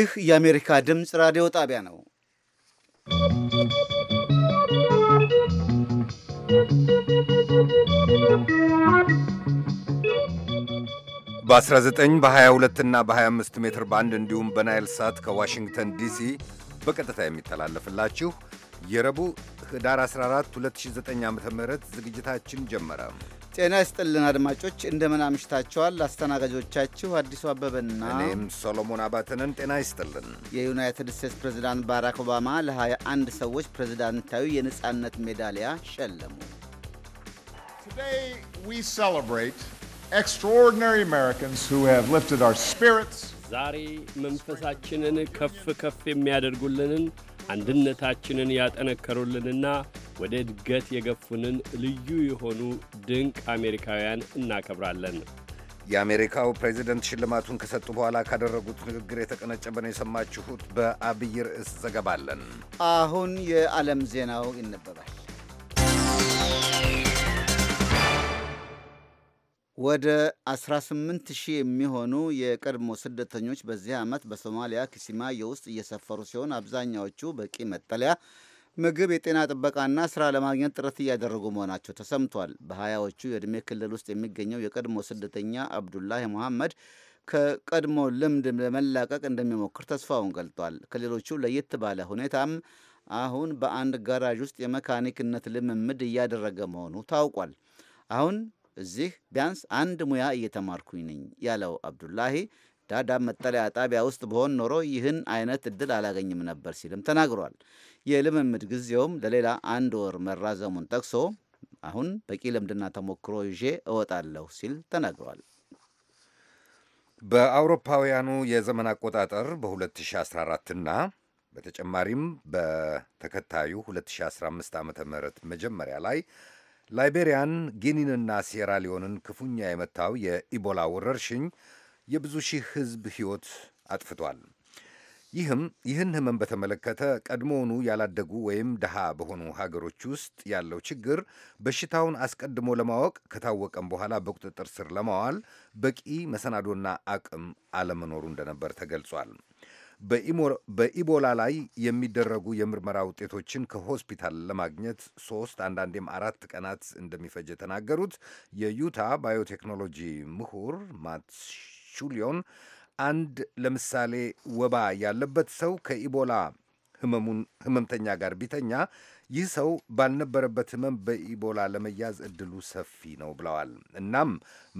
ይህ የአሜሪካ ድምፅ ራዲዮ ጣቢያ ነው። በ19 በ22 እና በ25 ሜትር ባንድ እንዲሁም በናይል ሳት ከዋሽንግተን ዲሲ በቀጥታ የሚተላለፍላችሁ የረቡዕ ህዳር 14 2009 ዓ ም ዝግጅታችን ጀመረ። ጤና ይስጥልን አድማጮች፣ እንደምን አምሽታቸዋል። አስተናጋጆቻችሁ አዲሱ አበበና እኔም ሶሎሞን አባተንን። ጤና ይስጥልን። የዩናይትድ ስቴትስ ፕሬዚዳንት ባራክ ኦባማ ለ21 ሰዎች ፕሬዚዳንታዊ የነጻነት ሜዳሊያ ሸለሙ። ዛሬ መንፈሳችንን ከፍ ከፍ የሚያደርጉልንን አንድነታችንን ያጠነከሩልንና ወደ እድገት የገፉንን ልዩ የሆኑ ድንቅ አሜሪካውያን እናከብራለን። የአሜሪካው ፕሬዚደንት ሽልማቱን ከሰጡ በኋላ ካደረጉት ንግግር የተቀነጨበ ነው የሰማችሁት። በአብይ ርዕስ ዘገባለን። አሁን የዓለም ዜናው ይነበባል። ወደ 18 ሺህ የሚሆኑ የቀድሞ ስደተኞች በዚህ ዓመት በሶማሊያ ኪሲማዮ ውስጥ እየሰፈሩ ሲሆን አብዛኛዎቹ በቂ መጠለያ፣ ምግብ፣ የጤና ጥበቃና ስራ ለማግኘት ጥረት እያደረጉ መሆናቸው ተሰምቷል። በሀያዎቹ የዕድሜ ክልል ውስጥ የሚገኘው የቀድሞ ስደተኛ አብዱላሂ መሐመድ ከቀድሞ ልምድ ለመላቀቅ እንደሚሞክር ተስፋውን ገልጧል። ከሌሎቹ ለየት ባለ ሁኔታም አሁን በአንድ ጋራዥ ውስጥ የመካኒክነት ልምምድ እያደረገ መሆኑ ታውቋል። አሁን እዚህ ቢያንስ አንድ ሙያ እየተማርኩኝ ነኝ ያለው አብዱላሂ ዳዳብ መጠለያ ጣቢያ ውስጥ በሆን ኖሮ ይህን አይነት እድል አላገኝም ነበር ሲልም ተናግሯል። የልምምድ ጊዜውም ለሌላ አንድ ወር መራዘሙን ጠቅሶ አሁን በቂ ልምድና ተሞክሮ ይዤ እወጣለሁ ሲል ተናግሯል። በአውሮፓውያኑ የዘመን አቆጣጠር በ2014 እና በተጨማሪም በተከታዩ 2015 ዓ ም መጀመሪያ ላይ ላይቤሪያን፣ ጊኒንና ሴራሊዮንን ክፉኛ የመታው የኢቦላ ወረርሽኝ የብዙ ሺህ ሕዝብ ሕይወት አጥፍቷል። ይህም ይህን ህመም በተመለከተ ቀድሞውኑ ያላደጉ ወይም ድሃ በሆኑ ሀገሮች ውስጥ ያለው ችግር በሽታውን አስቀድሞ ለማወቅ ከታወቀም በኋላ በቁጥጥር ስር ለማዋል በቂ መሰናዶና አቅም አለመኖሩ እንደነበር ተገልጿል። በኢቦላ ላይ የሚደረጉ የምርመራ ውጤቶችን ከሆስፒታል ለማግኘት ሶስት አንዳንዴም አራት ቀናት እንደሚፈጅ የተናገሩት የዩታ ባዮቴክኖሎጂ ምሁር ማት ሹሊዮን አንድ ለምሳሌ ወባ ያለበት ሰው ከኢቦላ ህመምተኛ ጋር ቢተኛ ይህ ሰው ባልነበረበት ህመም በኢቦላ ለመያዝ እድሉ ሰፊ ነው ብለዋል። እናም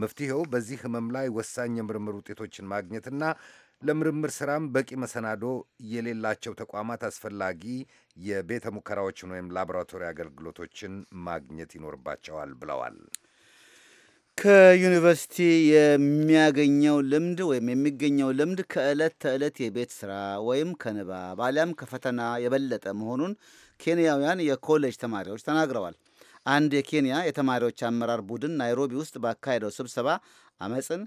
መፍትሄው በዚህ ህመም ላይ ወሳኝ የምርምር ውጤቶችን ማግኘትና ለምርምር ስራም በቂ መሰናዶ የሌላቸው ተቋማት አስፈላጊ የቤተ ሙከራዎችን ወይም ላቦራቶሪ አገልግሎቶችን ማግኘት ይኖርባቸዋል ብለዋል። ከዩኒቨርሲቲ የሚያገኘው ልምድ ወይም የሚገኘው ልምድ ከዕለት ተዕለት የቤት ስራ ወይም ከንባብ አሊያም ከፈተና የበለጠ መሆኑን ኬንያውያን የኮሌጅ ተማሪዎች ተናግረዋል። አንድ የኬንያ የተማሪዎች አመራር ቡድን ናይሮቢ ውስጥ ባካሄደው ስብሰባ አመፅን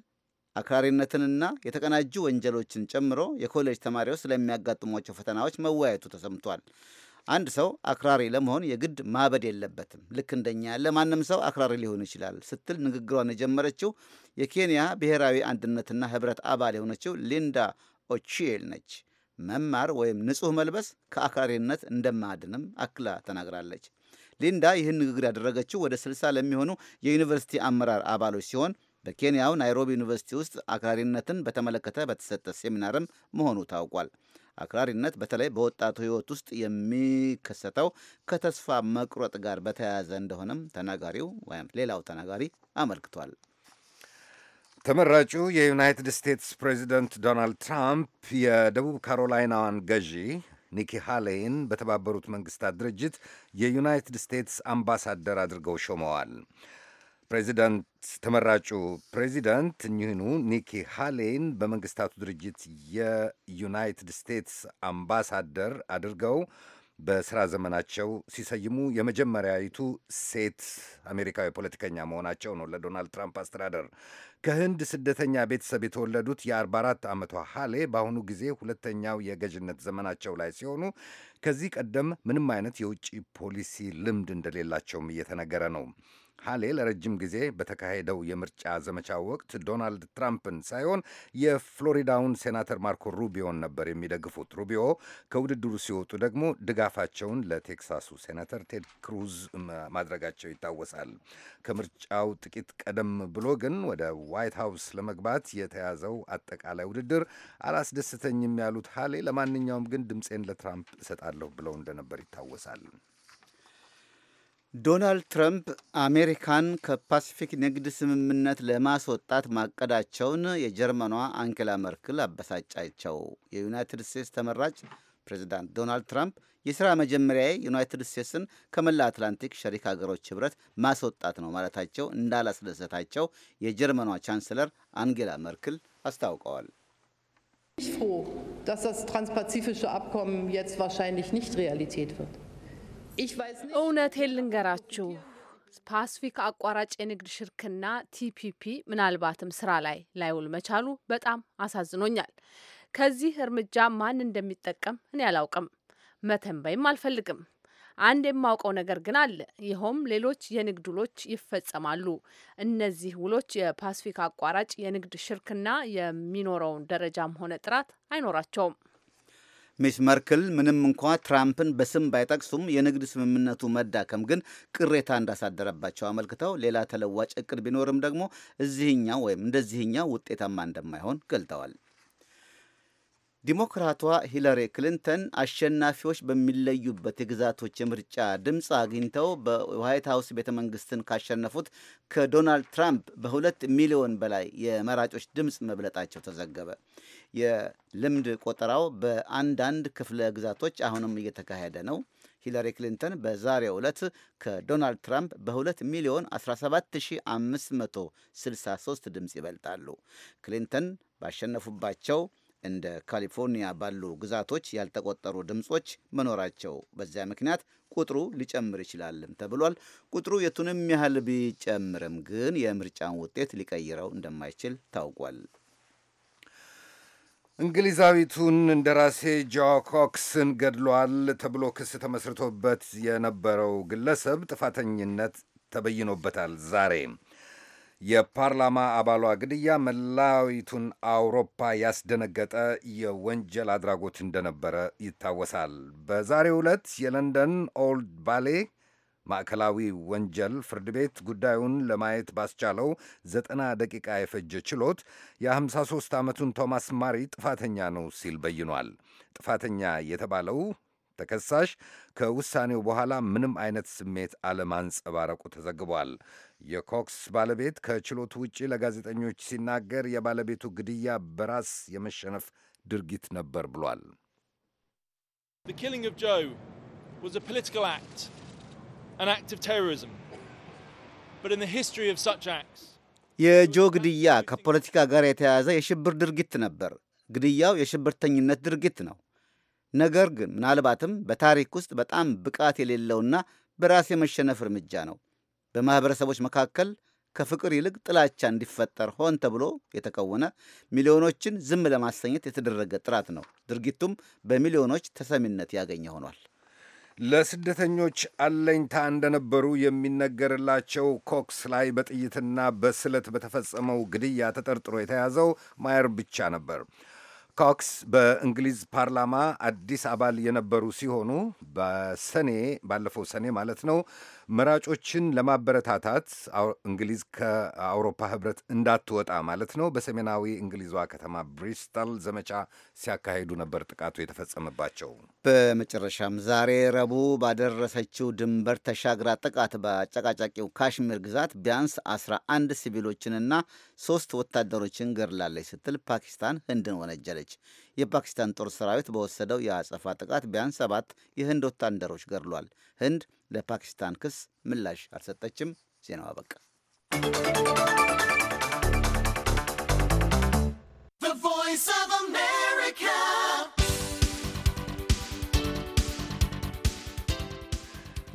አክራሪነትንና የተቀናጁ ወንጀሎችን ጨምሮ የኮሌጅ ተማሪዎች ስለሚያጋጥሟቸው ፈተናዎች መወያየቱ ተሰምቷል። አንድ ሰው አክራሪ ለመሆን የግድ ማበድ የለበትም። ልክ እንደኛ ያለ ማንም ሰው አክራሪ ሊሆን ይችላል ስትል ንግግሯን የጀመረችው የኬንያ ብሔራዊ አንድነትና ሕብረት አባል የሆነችው ሊንዳ ኦቺል ነች። መማር ወይም ንጹሕ መልበስ ከአክራሪነት እንደማድንም አክላ ተናግራለች። ሊንዳ ይህን ንግግር ያደረገችው ወደ ስልሳ ለሚሆኑ የዩኒቨርሲቲ አመራር አባሎች ሲሆን በኬንያው ናይሮቢ ዩኒቨርሲቲ ውስጥ አክራሪነትን በተመለከተ በተሰጠ ሴሚናርም መሆኑ ታውቋል። አክራሪነት በተለይ በወጣቱ ሕይወት ውስጥ የሚከሰተው ከተስፋ መቁረጥ ጋር በተያያዘ እንደሆነም ተናጋሪው ወይም ሌላው ተናጋሪ አመልክቷል። ተመራጩ የዩናይትድ ስቴትስ ፕሬዚደንት ዶናልድ ትራምፕ የደቡብ ካሮላይናዋን ገዢ ኒኪ ሃሌይን በተባበሩት መንግስታት ድርጅት የዩናይትድ ስቴትስ አምባሳደር አድርገው ሾመዋል። ፕሬዚዳንት ተመራጩ ፕሬዚዳንት እኚህኑ ኒኪ ሃሌን በመንግስታቱ ድርጅት የዩናይትድ ስቴትስ አምባሳደር አድርገው በስራ ዘመናቸው ሲሰይሙ የመጀመሪያዊቱ ሴት አሜሪካዊ ፖለቲከኛ መሆናቸው ነው። ለዶናልድ ትራምፕ አስተዳደር ከህንድ ስደተኛ ቤተሰብ የተወለዱት የ44 ዓመቷ ሃሌ በአሁኑ ጊዜ ሁለተኛው የገዥነት ዘመናቸው ላይ ሲሆኑ ከዚህ ቀደም ምንም አይነት የውጭ ፖሊሲ ልምድ እንደሌላቸውም እየተነገረ ነው። ሃሌ ለረጅም ጊዜ በተካሄደው የምርጫ ዘመቻ ወቅት ዶናልድ ትራምፕን ሳይሆን የፍሎሪዳውን ሴናተር ማርኮ ሩቢዮን ነበር የሚደግፉት። ሩቢዮ ከውድድሩ ሲወጡ ደግሞ ድጋፋቸውን ለቴክሳሱ ሴናተር ቴድ ክሩዝ ማድረጋቸው ይታወሳል። ከምርጫው ጥቂት ቀደም ብሎ ግን ወደ ዋይት ሀውስ ለመግባት የተያዘው አጠቃላይ ውድድር አላስደስተኝም ያሉት ሃሌ ለማንኛውም ግን ድምፄን ለትራምፕ እሰጣለሁ ብለው እንደነበር ይታወሳል። ዶናልድ ትራምፕ አሜሪካን ከፓሲፊክ ንግድ ስምምነት ለማስወጣት ማቀዳቸውን የጀርመኗ አንኬላ መርክል አበሳጫቸው። የዩናይትድ ስቴትስ ተመራጭ ፕሬዚዳንት ዶናልድ ትራምፕ የሥራ መጀመሪያ ዩናይትድ ስቴትስን ከመላ አትላንቲክ ሸሪክ ሀገሮች ኅብረት ማስወጣት ነው ማለታቸው እንዳላስደሰታቸው የጀርመኗ ቻንስለር አንጌላ መርክል አስታውቀዋል። dass das transpazifische Abkommen jetzt wahrscheinlich nicht Realität wird. እውነቴን ልንገራችሁ ፓስፊክ አቋራጭ የንግድ ሽርክና ቲፒፒ ምናልባትም ስራ ላይ ላይውል መቻሉ በጣም አሳዝኖኛል። ከዚህ እርምጃ ማን እንደሚጠቀም እኔ አላውቅም፣ መተንበይም አልፈልግም። አንድ የማውቀው ነገር ግን አለ። ይኸውም ሌሎች የንግድ ውሎች ይፈጸማሉ። እነዚህ ውሎች የፓስፊክ አቋራጭ የንግድ ሽርክና የሚኖረውን ደረጃም ሆነ ጥራት አይኖራቸውም። ሚስ መርክል ምንም እንኳ ትራምፕን በስም ባይጠቅሱም የንግድ ስምምነቱ መዳከም ግን ቅሬታ እንዳሳደረባቸው አመልክተው ሌላ ተለዋጭ እቅድ ቢኖርም ደግሞ እዚህኛው ወይም እንደዚህኛው ውጤታማ እንደማይሆን ገልጠዋል። ዲሞክራቷ ሂለሪ ክሊንተን አሸናፊዎች በሚለዩበት የግዛቶች የምርጫ ድምፅ አግኝተው በዋይት ሀውስ ቤተ መንግስትን ካሸነፉት ከዶናልድ ትራምፕ በሁለት ሚሊዮን በላይ የመራጮች ድምፅ መብለጣቸው ተዘገበ። የልምድ ቆጠራው በአንዳንድ ክፍለ ግዛቶች አሁንም እየተካሄደ ነው። ሂለሪ ክሊንተን በዛሬው ዕለት ከዶናልድ ትራምፕ በ2 ሚሊዮን 17563 ድምፅ ይበልጣሉ። ክሊንተን ባሸነፉባቸው እንደ ካሊፎርኒያ ባሉ ግዛቶች ያልተቆጠሩ ድምፆች መኖራቸው በዚያ ምክንያት ቁጥሩ ሊጨምር ይችላልም ተብሏል። ቁጥሩ የቱንም ያህል ቢጨምርም ግን የምርጫን ውጤት ሊቀይረው እንደማይችል ታውቋል። እንግሊዛዊቱን እንደራሴ ጆ ኮክስን ገድሏል ተብሎ ክስ ተመስርቶበት የነበረው ግለሰብ ጥፋተኝነት ተበይኖበታል ዛሬ የፓርላማ አባሏ ግድያ መላዊቱን አውሮፓ ያስደነገጠ የወንጀል አድራጎት እንደነበረ ይታወሳል። በዛሬው ዕለት የለንደን ኦልድ ባሌ ማዕከላዊ ወንጀል ፍርድ ቤት ጉዳዩን ለማየት ባስቻለው ዘጠና ደቂቃ የፈጀ ችሎት የ53 ዓመቱን ቶማስ ማሪ ጥፋተኛ ነው ሲል በይኗል። ጥፋተኛ የተባለው ተከሳሽ ከውሳኔው በኋላ ምንም አይነት ስሜት አለማንጸባረቁ ተዘግቧል። የኮክስ ባለቤት ከችሎቱ ውጪ ለጋዜጠኞች ሲናገር የባለቤቱ ግድያ በራስ የመሸነፍ ድርጊት ነበር ብሏል። የጆ ግድያ ከፖለቲካ ጋር የተያያዘ የሽብር ድርጊት ነበር። ግድያው የሽብርተኝነት ድርጊት ነው። ነገር ግን ምናልባትም በታሪክ ውስጥ በጣም ብቃት የሌለውና በራስ የመሸነፍ እርምጃ ነው። በማኅበረሰቦች መካከል ከፍቅር ይልቅ ጥላቻ እንዲፈጠር ሆን ተብሎ የተከወነ ሚሊዮኖችን ዝም ለማሰኘት የተደረገ ጥራት ነው። ድርጊቱም በሚሊዮኖች ተሰሚነት ያገኘ ሆኗል። ለስደተኞች አለኝታ እንደነበሩ የሚነገርላቸው ኮክስ ላይ በጥይትና በስለት በተፈጸመው ግድያ ተጠርጥሮ የተያዘው ማየር ብቻ ነበር። ኮክስ በእንግሊዝ ፓርላማ አዲስ አባል የነበሩ ሲሆኑ በሰኔ ባለፈው ሰኔ ማለት ነው መራጮችን ለማበረታታት እንግሊዝ ከአውሮፓ ህብረት እንዳትወጣ ማለት ነው በሰሜናዊ እንግሊዟ ከተማ ብሪስታል ዘመቻ ሲያካሂዱ ነበር ጥቃቱ የተፈጸመባቸው። በመጨረሻም ዛሬ ረቡዕ ባደረሰችው ድንበር ተሻግራ ጥቃት በአጨቃጫቂው ካሽሚር ግዛት ቢያንስ 11 ሲቪሎችንና ሶስት ወታደሮችን ገድላለች ስትል ፓኪስታን ህንድን ወነጀለች። የፓኪስታን ጦር ሰራዊት በወሰደው የአጸፋ ጥቃት ቢያንስ ሰባት የህንድ ወታደሮች ገድሏል። ህንድ ለፓኪስታን ክስ ምላሽ አልሰጠችም። ዜናው አበቃ።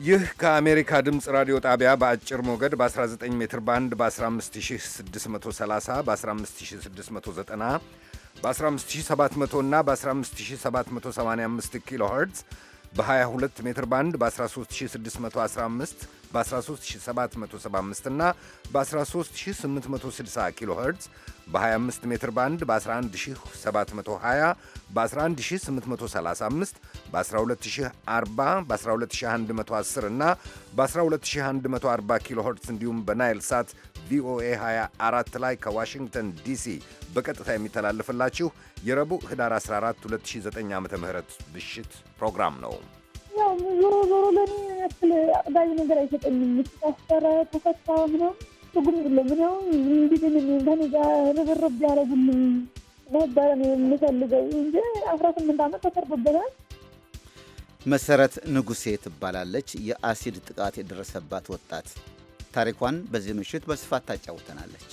ይህ ከአሜሪካ ድምፅ ራዲዮ ጣቢያ በአጭር ሞገድ በ19 ሜትር ባንድ በ15630 በ15690 በ15700 እና በ15785 ኪሎ ኸርትዝ በ22 ሜትር ባንድ በ13615 በ13775 እና በ13860 ኪሎ ኸርትዝ በ25 ሜትር ባንድ በ11720 በ11835 በ12040 በ12110 እና በ12140 ኪሎ ሄርትስ እንዲሁም በናይል ሳት ቪኦኤ 24 ላይ ከዋሽንግተን ዲሲ በቀጥታ የሚተላለፍላችሁ የረቡዕ ህዳር 14 2009 ዓ ም ምሽት ፕሮግራም ነው። ዞሮ ዞሮ ለእኔ ያክል አቅዳሚ ነገር አይሰጠኝም። ታሰረ፣ ተፈታ ምናምን ትርጉም የለም። ግን አሁን ጋር ርብርብ ነበረ የምፈልገው እንጂ አስራ ስምንት ዓመት ተፈርዶበታል። መሰረት ንጉሴ ትባላለች። የአሲድ ጥቃት የደረሰባት ወጣት ታሪኳን በዚህ ምሽት በስፋት ታጫውተናለች።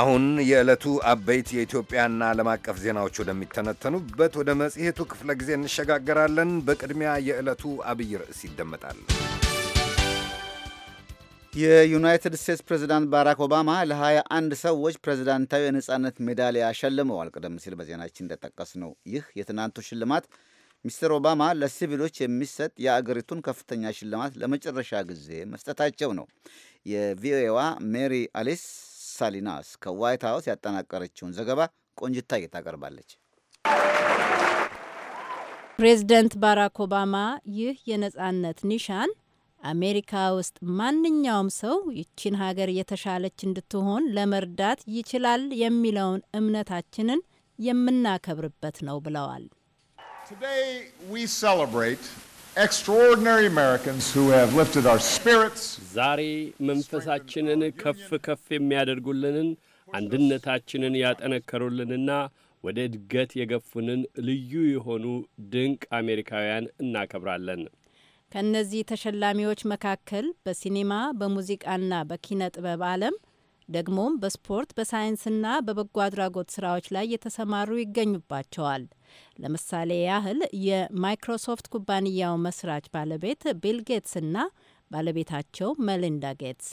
አሁን የዕለቱ አበይት የኢትዮጵያና ዓለም አቀፍ ዜናዎች ወደሚተነተኑበት ወደ መጽሔቱ ክፍለ ጊዜ እንሸጋገራለን። በቅድሚያ የዕለቱ አብይ ርዕስ ይደመጣል። የዩናይትድ ስቴትስ ፕሬዚዳንት ባራክ ኦባማ ለ21 ሰዎች ፕሬዚዳንታዊ የነጻነት ሜዳሊያ ሸልመዋል። ቀደም ሲል በዜናችን እንደጠቀስ ነው። ይህ የትናንቱ ሽልማት ሚስተር ኦባማ ለሲቪሎች የሚሰጥ የአገሪቱን ከፍተኛ ሽልማት ለመጨረሻ ጊዜ መስጠታቸው ነው። የቪኦኤዋ ሜሪ አሊስ ሳሊናስ ከዋይት ሀውስ ያጠናቀረችውን ዘገባ ቆንጅታ ታቀርባለች። ፕሬዝደንት ባራክ ኦባማ ይህ የነጻነት ኒሻን አሜሪካ ውስጥ ማንኛውም ሰው ይቺን ሀገር የተሻለች እንድትሆን ለመርዳት ይችላል የሚለውን እምነታችንን የምናከብርበት ነው ብለዋል። ዛሬ መንፈሳችንን ከፍ ከፍ የሚያደርጉልንን አንድነታችንን ያጠነከሩልንና ወደ እድገት የገፉንን ልዩ የሆኑ ድንቅ አሜሪካውያን እናከብራለን። ከእነዚህ ተሸላሚዎች መካከል በሲኒማ በሙዚቃና በኪነ ጥበብ ዓለም ደግሞም በስፖርት በሳይንስና በበጎ አድራጎት ስራዎች ላይ የተሰማሩ ይገኙባቸዋል። ለምሳሌ ያህል የማይክሮሶፍት ኩባንያው መስራች ባለቤት ቢል ጌትስና ባለቤታቸው መሊንዳ ጌትስ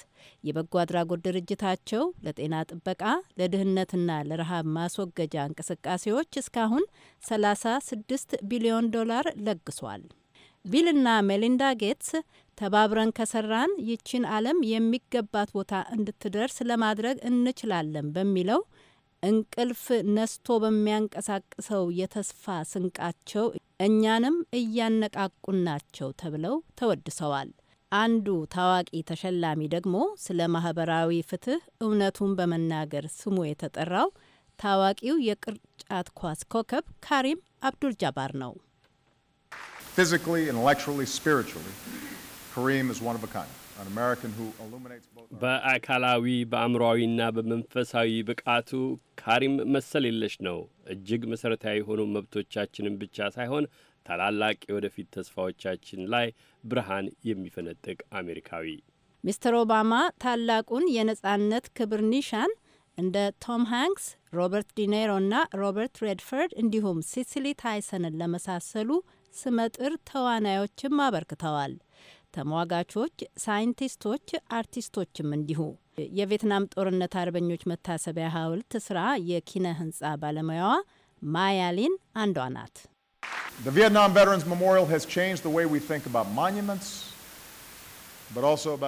የበጎ አድራጎት ድርጅታቸው ለጤና ጥበቃ ለድህነትና ለረሃብ ማስወገጃ እንቅስቃሴዎች እስካሁን 36 ቢሊዮን ዶላር ለግሷል። ቢልና ሜሊንዳ ጌትስ ተባብረን ከሰራን ይችን ዓለም የሚገባት ቦታ እንድትደርስ ለማድረግ እንችላለን በሚለው እንቅልፍ ነስቶ በሚያንቀሳቅሰው የተስፋ ስንቃቸው እኛንም እያነቃቁን ናቸው ተብለው ተወድሰዋል። አንዱ ታዋቂ ተሸላሚ ደግሞ ስለ ማህበራዊ ፍትህ እውነቱን በመናገር ስሙ የተጠራው ታዋቂው የቅርጫት ኳስ ኮከብ ካሪም አብዱል ጃባር ነው። physically, intellectually, spiritually, Kareem is one of a kind. በአካላዊ በአእምሯዊና በመንፈሳዊ ብቃቱ ካሪም መሰል የለሽ ነው። እጅግ መሠረታዊ የሆኑ መብቶቻችንን ብቻ ሳይሆን ታላላቅ የወደፊት ተስፋዎቻችን ላይ ብርሃን የሚፈነጥቅ አሜሪካዊ። ሚስተር ኦባማ ታላቁን የነጻነት ክብር ኒሻን እንደ ቶም ሃንክስ፣ ሮበርት ዲኔሮና ሮበርት ሬድፈርድ እንዲሁም ሲሲሊ ታይሰንን ለመሳሰሉ ስመጥር ተዋናዮችም አበርክተዋል። ተሟጋቾች፣ ሳይንቲስቶች፣ አርቲስቶችም እንዲሁ። የቬትናም ጦርነት አርበኞች መታሰቢያ ሐውልት ስራ የኪነ ህንጻ ባለሙያዋ ማያሊን አንዷ ናት።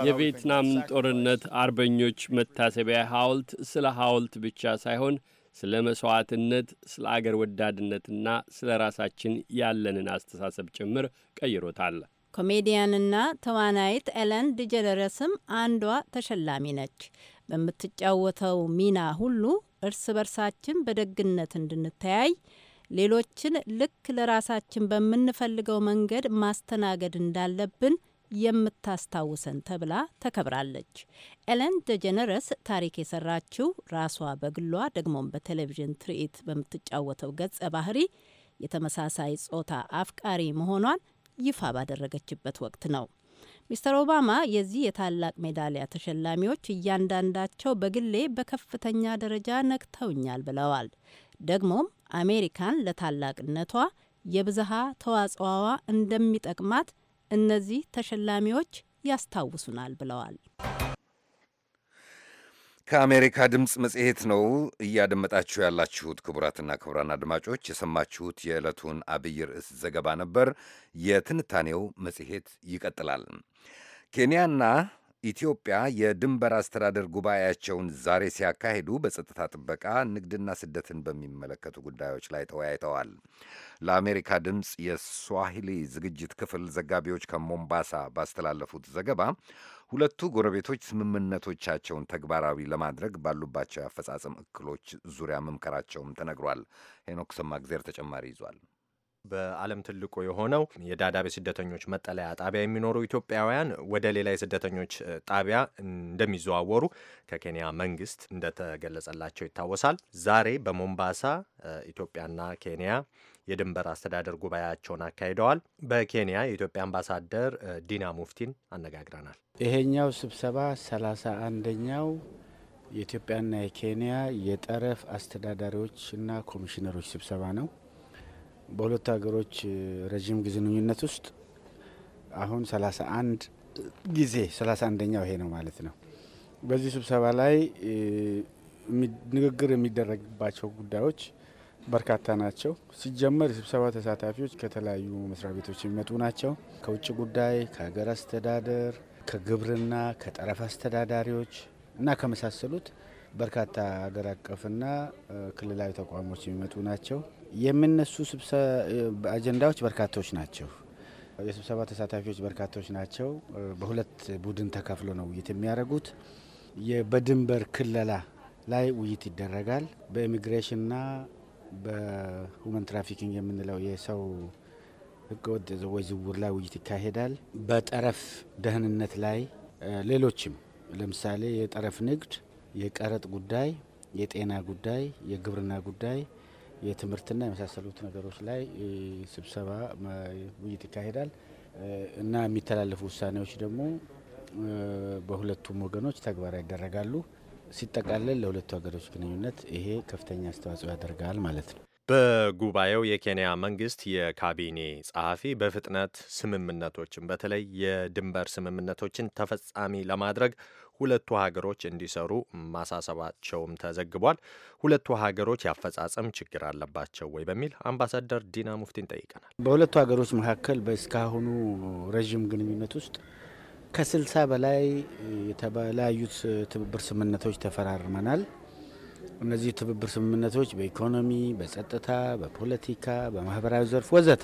የቬትናም ጦርነት አርበኞች መታሰቢያ ሐውልት ስለ ሐውልት ብቻ ሳይሆን ስለ መሥዋዕትነት፣ ስለ አገር ወዳድነትና ስለ ራሳችን ያለንን አስተሳሰብ ጭምር ቀይሮታል። ኮሜዲያንና ተዋናይት ኤለን ዲጀነረስም አንዷ ተሸላሚ ነች። በምትጫወተው ሚና ሁሉ እርስ በርሳችን በደግነት እንድንተያይ፣ ሌሎችን ልክ ለራሳችን በምንፈልገው መንገድ ማስተናገድ እንዳለብን የምታስታውሰን ተብላ ተከብራለች። ኤለን ደጀነረስ ታሪክ የሰራችው ራሷ በግሏ ደግሞም በቴሌቪዥን ትርኢት በምትጫወተው ገጸ ባህሪ የተመሳሳይ ጾታ አፍቃሪ መሆኗን ይፋ ባደረገችበት ወቅት ነው። ሚስተር ኦባማ የዚህ የታላቅ ሜዳሊያ ተሸላሚዎች እያንዳንዳቸው በግሌ በከፍተኛ ደረጃ ነክተውኛል ብለዋል። ደግሞም አሜሪካን ለታላቅነቷ የብዝሃ ተዋጽኦዋ እንደሚጠቅማት እነዚህ ተሸላሚዎች ያስታውሱናል ብለዋል። ከአሜሪካ ድምፅ መጽሔት ነው እያደመጣችሁ ያላችሁት። ክቡራትና ክቡራን አድማጮች የሰማችሁት የዕለቱን አብይ ርዕስ ዘገባ ነበር። የትንታኔው መጽሔት ይቀጥላል። ኬንያና ኢትዮጵያ የድንበር አስተዳደር ጉባኤያቸውን ዛሬ ሲያካሂዱ በጸጥታ ጥበቃ፣ ንግድና ስደትን በሚመለከቱ ጉዳዮች ላይ ተወያይተዋል። ለአሜሪካ ድምፅ የስዋሂሊ ዝግጅት ክፍል ዘጋቢዎች ከሞምባሳ ባስተላለፉት ዘገባ ሁለቱ ጎረቤቶች ስምምነቶቻቸውን ተግባራዊ ለማድረግ ባሉባቸው የአፈጻጸም እክሎች ዙሪያ መምከራቸውም ተነግሯል። ሄኖክ ሰማግዜር ተጨማሪ ይዟል። በዓለም ትልቁ የሆነው የዳዳቤ ስደተኞች መጠለያ ጣቢያ የሚኖሩ ኢትዮጵያውያን ወደ ሌላ የስደተኞች ጣቢያ እንደሚዘዋወሩ ከኬንያ መንግስት እንደተገለጸላቸው ይታወሳል። ዛሬ በሞምባሳ ኢትዮጵያና ኬንያ የድንበር አስተዳደር ጉባኤያቸውን አካሂደዋል። በኬንያ የኢትዮጵያ አምባሳደር ዲና ሙፍቲን አነጋግረናል። ይሄኛው ስብሰባ ሰላሳ አንደኛው የኢትዮጵያና የኬንያ የጠረፍ አስተዳዳሪዎችና ኮሚሽነሮች ስብሰባ ነው። በሁለቱ ሀገሮች ረዥም ግንኙነት ውስጥ አሁን 31 ጊዜ 31 አንደኛው ይሄ ነው ማለት ነው። በዚህ ስብሰባ ላይ ንግግር የሚደረግባቸው ጉዳዮች በርካታ ናቸው። ሲጀመር የስብሰባ ተሳታፊዎች ከተለያዩ መስሪያ ቤቶች የሚመጡ ናቸው። ከውጭ ጉዳይ፣ ከሀገር አስተዳደር፣ ከግብርና፣ ከጠረፍ አስተዳዳሪዎች እና ከመሳሰሉት በርካታ ሀገር አቀፍና ክልላዊ ተቋሞች የሚመጡ ናቸው። የሚነሱ አጀንዳዎች በርካቶች ናቸው። የስብሰባ ተሳታፊዎች በርካቶች ናቸው። በሁለት ቡድን ተከፍሎ ነው ውይይት የሚያደርጉት። በድንበር ክለላ ላይ ውይይት ይደረጋል። በኢሚግሬሽንና በሁመን ትራፊኪንግ የምንለው የሰው ህገወጥ ዝውውር ላይ ውይይት ይካሄዳል። በጠረፍ ደህንነት ላይ ሌሎችም ለምሳሌ የጠረፍ ንግድ፣ የቀረጥ ጉዳይ፣ የጤና ጉዳይ፣ የግብርና ጉዳይ የትምህርትና የመሳሰሉት ነገሮች ላይ ስብሰባ ውይይት ይካሄዳል እና የሚተላለፉ ውሳኔዎች ደግሞ በሁለቱም ወገኖች ተግባራዊ ይደረጋሉ። ሲጠቃለል ለሁለቱ ሀገሮች ግንኙነት ይሄ ከፍተኛ አስተዋጽኦ ያደርጋል ማለት ነው። በጉባኤው የኬንያ መንግስት የካቢኔ ጸሐፊ በፍጥነት ስምምነቶችን በተለይ የድንበር ስምምነቶችን ተፈጻሚ ለማድረግ ሁለቱ ሀገሮች እንዲሰሩ ማሳሰባቸውም ተዘግቧል። ሁለቱ ሀገሮች ያፈጻጸም ችግር አለባቸው ወይ በሚል አምባሳደር ዲና ሙፍቲን ጠይቀናል። በሁለቱ ሀገሮች መካከል በእስካሁኑ ረዥም ግንኙነት ውስጥ ከስልሳ በላይ የተለያዩት ትብብር ስምምነቶች ተፈራርመናል። እነዚህ ትብብር ስምምነቶች በኢኮኖሚ፣ በጸጥታ፣ በፖለቲካ፣ በማህበራዊ ዘርፍ ወዘተ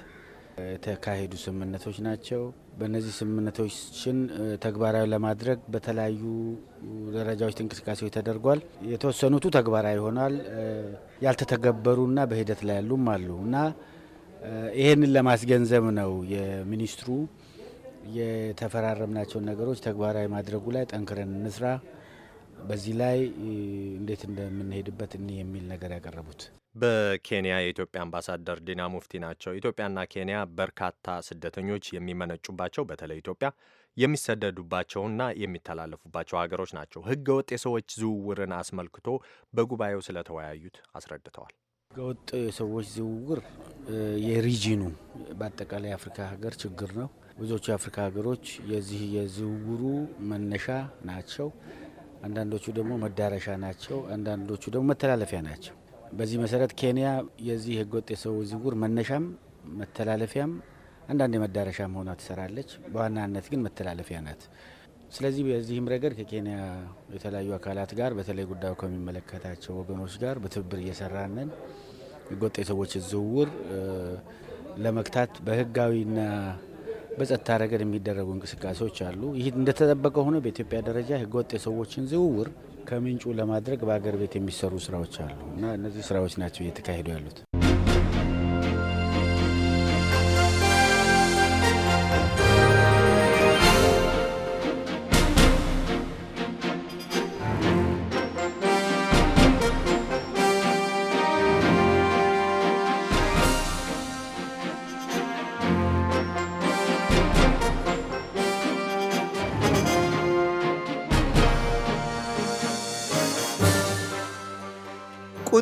የተካሄዱ ስምምነቶች ናቸው። በእነዚህ ስምምነቶችን ተግባራዊ ለማድረግ በተለያዩ ደረጃዎች እንቅስቃሴዎች ተደርጓል። የተወሰኑቱ ተግባራዊ ሆኗል። ያልተተገበሩና በሂደት ላይ ያሉም አሉ እና ይህንን ለማስገንዘብ ነው የሚኒስትሩ የተፈራረምናቸውን ነገሮች ተግባራዊ ማድረጉ ላይ ጠንክረን እንስራ፣ በዚህ ላይ እንዴት እንደምንሄድበት እኒህ የሚል ነገር ያቀረቡት በኬንያ የኢትዮጵያ አምባሳደር ዲና ሙፍቲ ናቸው። ኢትዮጵያና ኬንያ በርካታ ስደተኞች የሚመነጩባቸው በተለይ ኢትዮጵያ የሚሰደዱባቸውና የሚተላለፉባቸው ሀገሮች ናቸው። ሕገ ወጥ የሰዎች ዝውውርን አስመልክቶ በጉባኤው ስለተወያዩት አስረድተዋል። ሕገ ወጥ የሰዎች ዝውውር የሪጂኑ በአጠቃላይ የአፍሪካ ሀገር ችግር ነው። ብዙዎቹ የአፍሪካ ሀገሮች የዚህ የዝውውሩ መነሻ ናቸው። አንዳንዶቹ ደግሞ መዳረሻ ናቸው። አንዳንዶቹ ደግሞ መተላለፊያ ናቸው። በዚህ መሰረት ኬንያ የዚህ ህገወጥ የሰው ዝውውር መነሻም መተላለፊያም አንዳንድ የመዳረሻ ሆና ትሰራለች። በዋናነት ግን መተላለፊያ ናት። ስለዚህ በዚህም ረገድ ከኬንያ የተለያዩ አካላት ጋር በተለይ ጉዳዩ ከሚመለከታቸው ወገኖች ጋር በትብብር እየሰራንን ህገወጥ የሰዎች ዝውውር ለመግታት በህጋዊና በጸጥታ ረገድ የሚደረጉ እንቅስቃሴዎች አሉ። ይህ እንደተጠበቀ ሆኖ በኢትዮጵያ ደረጃ ህገወጥ የሰዎችን ዝውውር ከምንጩ ለማድረግ በሀገር ቤት የሚሰሩ ስራዎች አሉ እና እነዚህ ስራዎች ናቸው እየተካሄዱ ያሉት።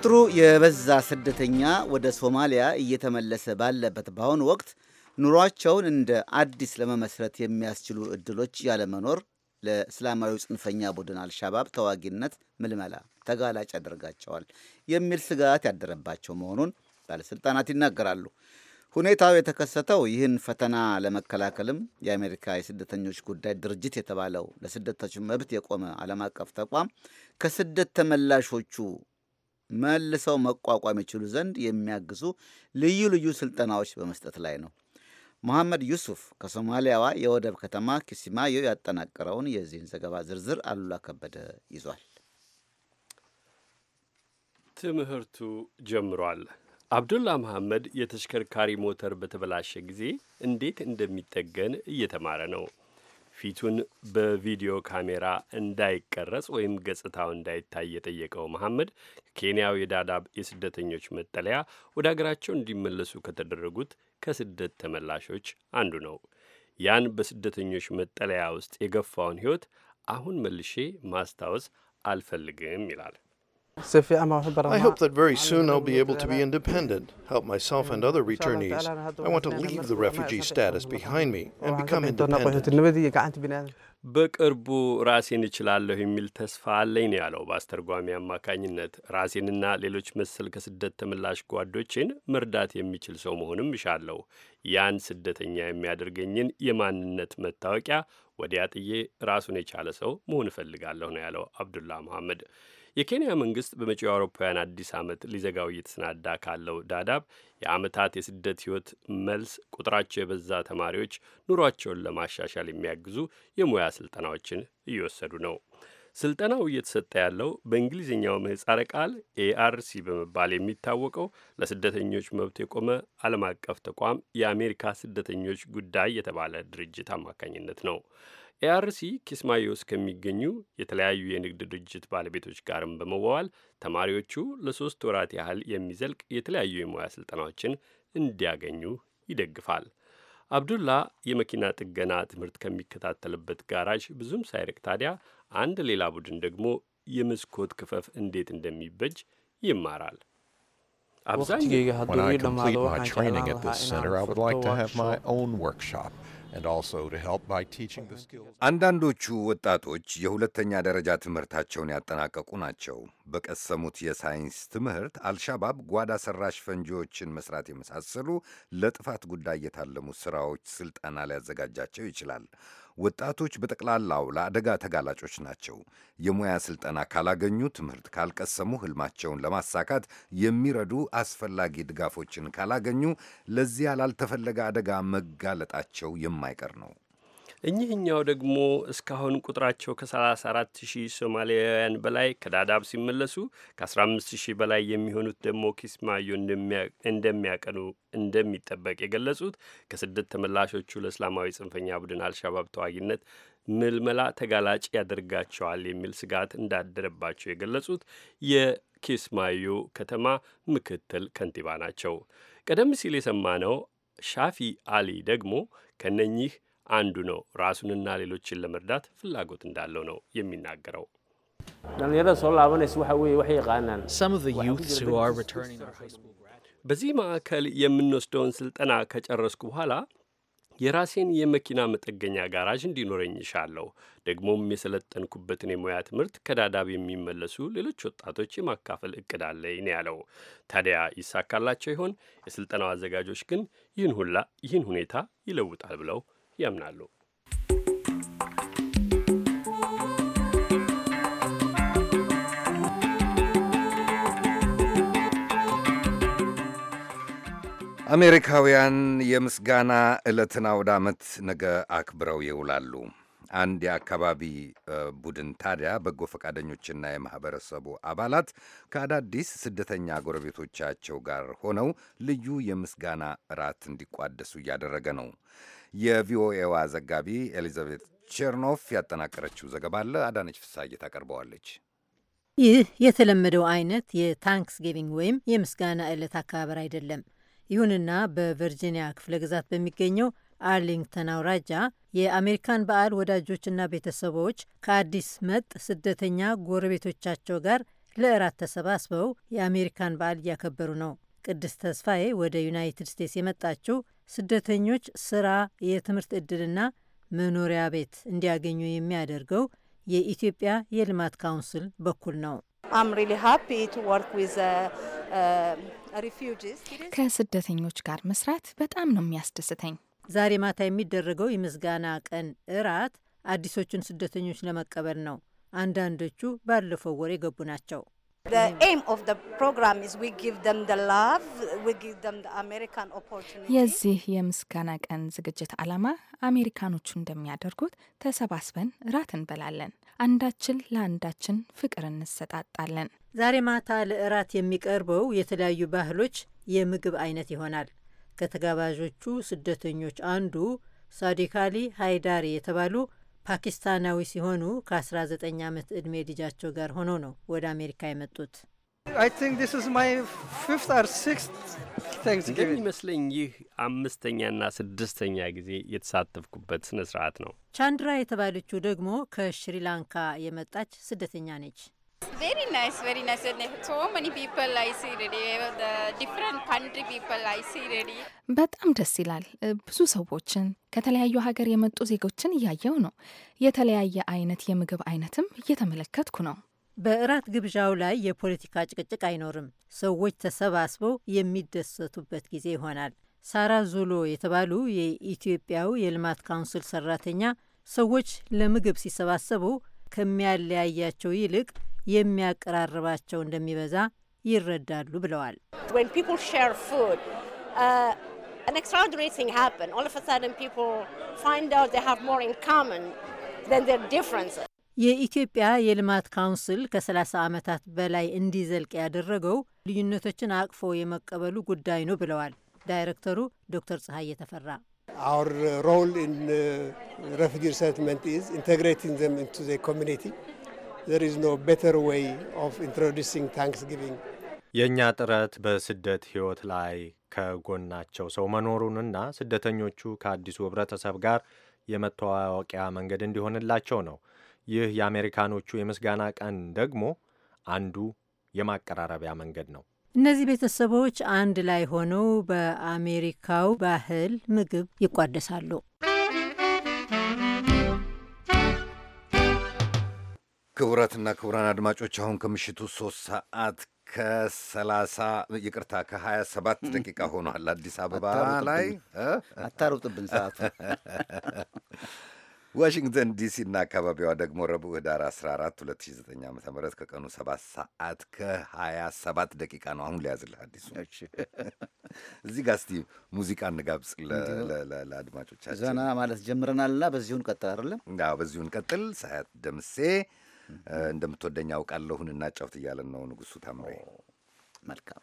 ቁጥሩ የበዛ ስደተኛ ወደ ሶማሊያ እየተመለሰ ባለበት በአሁኑ ወቅት ኑሯቸውን እንደ አዲስ ለመመስረት የሚያስችሉ እድሎች ያለመኖር ለእስላማዊ ጽንፈኛ ቡድን አልሻባብ ተዋጊነት ምልመላ ተጋላጭ ያደርጋቸዋል የሚል ስጋት ያደረባቸው መሆኑን ባለሥልጣናት ይናገራሉ። ሁኔታው የተከሰተው ይህን ፈተና ለመከላከልም የአሜሪካ የስደተኞች ጉዳይ ድርጅት የተባለው ለስደተኞች መብት የቆመ ዓለም አቀፍ ተቋም ከስደት ተመላሾቹ መልሰው መቋቋም ይችሉ ዘንድ የሚያግዙ ልዩ ልዩ ስልጠናዎች በመስጠት ላይ ነው። መሐመድ ዩሱፍ ከሶማሊያዋ የወደብ ከተማ ኪሲማዮ ያጠናቀረውን የዚህን ዘገባ ዝርዝር አሉላ ከበደ ይዟል። ትምህርቱ ጀምሯል። አብዱላ መሐመድ የተሽከርካሪ ሞተር በተበላሸ ጊዜ እንዴት እንደሚጠገን እየተማረ ነው። ፊቱን በቪዲዮ ካሜራ እንዳይቀረጽ ወይም ገጽታው እንዳይታይ የጠየቀው መሐመድ ኬንያው የዳዳብ የስደተኞች መጠለያ ወደ አገራቸው እንዲመለሱ ከተደረጉት ከስደት ተመላሾች አንዱ ነው። ያን በስደተኞች መጠለያ ውስጥ የገፋውን ሕይወት አሁን መልሼ ማስታወስ አልፈልግም ይላል። I hope that very soon I'll be able to be independent, help myself and other returnees. I want to leave the refugee status behind me and become independent. በቅርቡ ራሴን እችላለሁ የሚል ተስፋ አለኝ ነው ያለው በአስተርጓሚ አማካኝነት። ራሴንና ሌሎች መሰል ከስደት ተመላሽ ጓዶችን መርዳት የሚችል ሰው መሆንም እሻለሁ። ያን ስደተኛ የሚያደርገኝን የማንነት መታወቂያ ወዲያ ጥዬ ራሱን የቻለ ሰው መሆን እፈልጋለሁ ነው ያለው አብዱላ መሐመድ። የኬንያ መንግስት በመጪው አውሮፓውያን አዲስ ዓመት ሊዘጋው እየተሰናዳ ካለው ዳዳብ የዓመታት የስደት ህይወት መልስ ቁጥራቸው የበዛ ተማሪዎች ኑሯቸውን ለማሻሻል የሚያግዙ የሙያ ስልጠናዎችን እየወሰዱ ነው። ስልጠናው እየተሰጠ ያለው በእንግሊዝኛው ምህጻረ ቃል ኤአርሲ በመባል የሚታወቀው ለስደተኞች መብት የቆመ ዓለም አቀፍ ተቋም የአሜሪካ ስደተኞች ጉዳይ የተባለ ድርጅት አማካኝነት ነው። ኤአርሲ ኪስማዮ ከሚገኙ የተለያዩ የንግድ ድርጅት ባለቤቶች ጋርም በመዋዋል ተማሪዎቹ ለሶስት ወራት ያህል የሚዘልቅ የተለያዩ የሙያ ስልጠናዎችን እንዲያገኙ ይደግፋል። አብዱላ የመኪና ጥገና ትምህርት ከሚከታተልበት ጋራዥ ብዙም ሳይርቅ ታዲያ አንድ ሌላ ቡድን ደግሞ የመስኮት ክፈፍ እንዴት እንደሚበጅ ይማራል። አብዛኛው አንዳንዶቹ ወጣቶች የሁለተኛ ደረጃ ትምህርታቸውን ያጠናቀቁ ናቸው። በቀሰሙት የሳይንስ ትምህርት አልሻባብ ጓዳ ሰራሽ ፈንጂዎችን መስራት የመሳሰሉ ለጥፋት ጉዳይ የታለሙ ስራዎች ስልጠና ሊያዘጋጃቸው ይችላል። ወጣቶች በጠቅላላው ለአደጋ ተጋላጮች ናቸው። የሙያ ስልጠና ካላገኙ፣ ትምህርት ካልቀሰሙ፣ ህልማቸውን ለማሳካት የሚረዱ አስፈላጊ ድጋፎችን ካላገኙ ለዚያ ላልተፈለገ አደጋ መጋለጣቸው የማይቀር ነው። እኚህኛው ደግሞ እስካሁን ቁጥራቸው ከ34 ሺህ ሶማሊያውያን በላይ ከዳዳብ ሲመለሱ ከ15 ሺህ በላይ የሚሆኑት ደግሞ ኪስማዮ እንደሚያቀኑ እንደሚጠበቅ የገለጹት ከስደት ተመላሾቹ ለእስላማዊ ጽንፈኛ ቡድን አልሻባብ ተዋጊነት ምልመላ ተጋላጭ ያደርጋቸዋል የሚል ስጋት እንዳደረባቸው የገለጹት የኪስማዮ ከተማ ምክትል ከንቲባ ናቸው። ቀደም ሲል የሰማነው ሻፊ አሊ ደግሞ ከነኚህ አንዱ ነው። ራሱንና ሌሎችን ለመርዳት ፍላጎት እንዳለው ነው የሚናገረው። በዚህ ማዕከል የምንወስደውን ስልጠና ከጨረስኩ በኋላ የራሴን የመኪና መጠገኛ ጋራዥ እንዲኖረኝ ይሻለሁ። ደግሞም የሰለጠንኩበትን የሙያ ትምህርት ከዳዳብ የሚመለሱ ሌሎች ወጣቶች የማካፈል እቅድ አለኝ ነው ያለው። ታዲያ ይሳካላቸው ይሆን? የስልጠናው አዘጋጆች ግን ይህን ሁላ ይህን ሁኔታ ይለውጣል ብለው ያምናሉ። አሜሪካውያን የምስጋና ዕለትን አውደ ዓመት ነገ አክብረው ይውላሉ። አንድ የአካባቢ ቡድን ታዲያ በጎ ፈቃደኞችና የማህበረሰቡ አባላት ከአዳዲስ ስደተኛ ጎረቤቶቻቸው ጋር ሆነው ልዩ የምስጋና እራት እንዲቋደሱ እያደረገ ነው። የቪኦኤዋ ዘጋቢ ኤሊዛቤት ቸርኖፍ ያጠናቀረችው ዘገባ አለ አዳነች ፍሳጌ ታቀርበዋለች። ይህ የተለመደው አይነት የታንክስጊቪንግ ወይም የምስጋና ዕለት አከባበር አይደለም። ይሁንና በቨርጂኒያ ክፍለ ግዛት በሚገኘው አርሊንግተን አውራጃ የአሜሪካን በዓል ወዳጆችና ቤተሰቦች ከአዲስ መጥ ስደተኛ ጎረቤቶቻቸው ጋር ለእራት ተሰባስበው የአሜሪካን በዓል እያከበሩ ነው። ቅድስት ተስፋዬ ወደ ዩናይትድ ስቴትስ የመጣችው ስደተኞች ስራ፣ የትምህርት እድልና መኖሪያ ቤት እንዲያገኙ የሚያደርገው የኢትዮጵያ የልማት ካውንስል በኩል ነው። uh, uh, ከስደተኞች ጋር መስራት በጣም ነው የሚያስደስተኝ። ዛሬ ማታ የሚደረገው የምስጋና ቀን እራት አዲሶቹን ስደተኞች ለመቀበል ነው። አንዳንዶቹ ባለፈው ወር የገቡ ናቸው። የዚህ የምስጋና ቀን ዝግጅት ዓላማ አሜሪካኖቹ እንደሚያደርጉት ተሰባስበን እራት እንበላለን፣ አንዳችን ለአንዳችን ፍቅር እንሰጣጣለን። ዛሬ ማታ ለእራት የሚቀርበው የተለያዩ ባህሎች የምግብ አይነት ይሆናል። ከተጋባዦቹ ስደተኞች አንዱ ሳዲካሊ ሃይዳሪ የተባሉ ፓኪስታናዊ ሲሆኑ ከ19 ዓመት ዕድሜ ልጃቸው ጋር ሆነው ነው ወደ አሜሪካ የመጡት። እንደሚመስለኝ ይህ አምስተኛና ስድስተኛ ጊዜ የተሳተፍኩበት ስነ ስርዓት ነው። ቻንድራ የተባለችው ደግሞ ከሽሪላንካ የመጣች ስደተኛ ነች። Very nice, very nice. So many people I see ready. The different country people I see already. በጣም ደስ ይላል። ብዙ ሰዎችን ከተለያዩ ሀገር የመጡ ዜጎችን እያየው ነው። የተለያየ አይነት የምግብ አይነትም እየተመለከትኩ ነው። በእራት ግብዣው ላይ የፖለቲካ ጭቅጭቅ አይኖርም። ሰዎች ተሰባስበው የሚደሰቱበት ጊዜ ይሆናል። ሳራ ዙሎ የተባሉ የኢትዮጵያው የልማት ካውንስል ሰራተኛ ሰዎች ለምግብ ሲሰባሰቡ ከሚያለያያቸው ይልቅ የሚያቀራርባቸው እንደሚበዛ ይረዳሉ ብለዋል። uh, የኢትዮጵያ የልማት ካውንስል ከ30 ዓመታት በላይ እንዲዘልቅ ያደረገው ልዩነቶችን አቅፎ የመቀበሉ ጉዳይ ነው ብለዋል ዳይሬክተሩ ዶክተር ፀሐይ የተፈራ Our role in uh, refugee resettlement is integrating them into the community. There is no better way of introducing Thanksgiving. የእኛ ጥረት በስደት ሕይወት ላይ ከጎናቸው ሰው መኖሩንና ስደተኞቹ ከአዲሱ ኅብረተሰብ ጋር የመተዋወቂያ መንገድ እንዲሆንላቸው ነው። ይህ የአሜሪካኖቹ የምስጋና ቀን ደግሞ አንዱ የማቀራረቢያ መንገድ ነው። እነዚህ ቤተሰቦች አንድ ላይ ሆነው በአሜሪካው ባህል ምግብ ይቋደሳሉ። ክቡራትና ክቡራን አድማጮች አሁን ከምሽቱ ሶስት ሰዓት ከሰላሳ ይቅርታ ከሀያ ሰባት ደቂቃ ሆኗል። አዲስ አበባ ላይ አታሩጥብን ሰዓቱ ዋሽንግተን ዲሲ እና አካባቢዋ ደግሞ ረቡዕ ኅዳር 14 2009 ዓ ም ከቀኑ 7 ሰዓት ከ27 ደቂቃ ነው። አሁን ሊያዝልህ አዲሱ እዚህ ጋር እስቲ ሙዚቃ እንጋብጽ ለአድማጮቻችን። ዘና ማለት ጀምረናልና በዚሁን ቀጥል አይደለም? አዎ በዚሁን ቀጥል። ሳያት ደምሴ እንደምትወደኝ አውቃለሁን እናጫውት እያለን ነው ንጉሱ ታምሬ። መልካም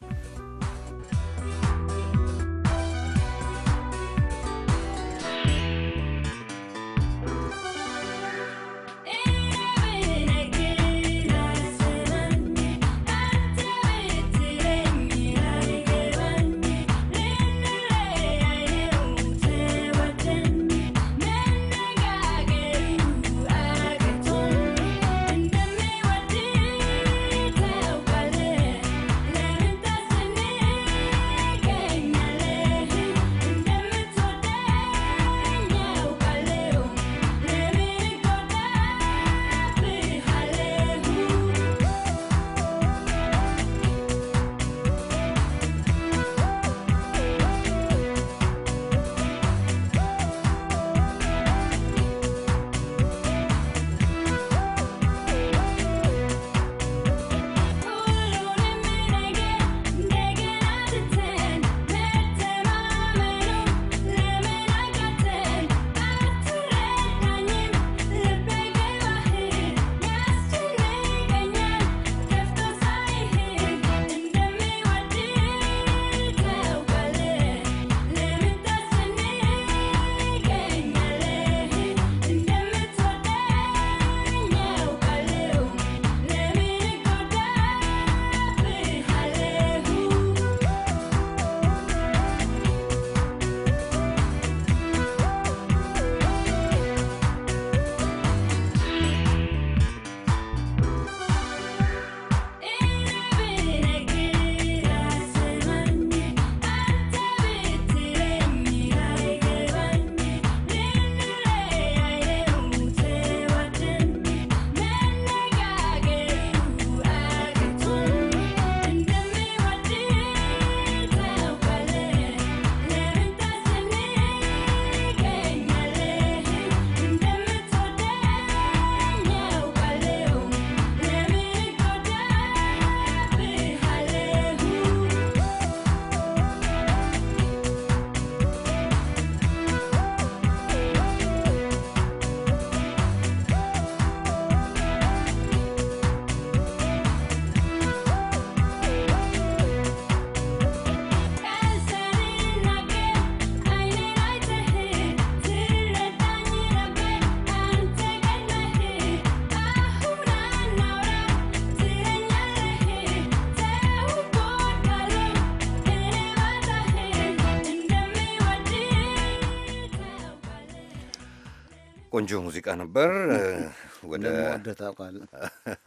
ቆንጆ ሙዚቃ ነበር። ወደ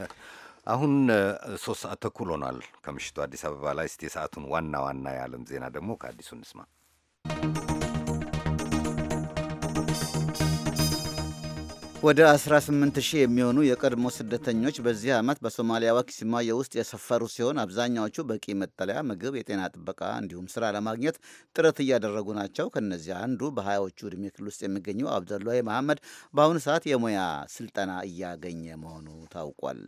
አሁን ሶስት ሰዓት ተኩል ሆኗል ከምሽቱ አዲስ አበባ ላይ። እስቲ የሰዓቱን ዋና ዋና የዓለም ዜና ደግሞ ከአዲሱ እንስማ። ወደ 18 ሺህ የሚሆኑ የቀድሞ ስደተኞች በዚህ ዓመት በሶማሊያዋ ኪስማዮ ውስጥ የሰፈሩ ሲሆን አብዛኛዎቹ በቂ መጠለያ፣ ምግብ፣ የጤና ጥበቃ እንዲሁም ስራ ለማግኘት ጥረት እያደረጉ ናቸው። ከእነዚህ አንዱ በሀያዎቹ እድሜ ክልል ውስጥ የሚገኘው አብደላይ መሐመድ በአሁኑ ሰዓት የሙያ ስልጠና እያገኘ መሆኑ ታውቋል።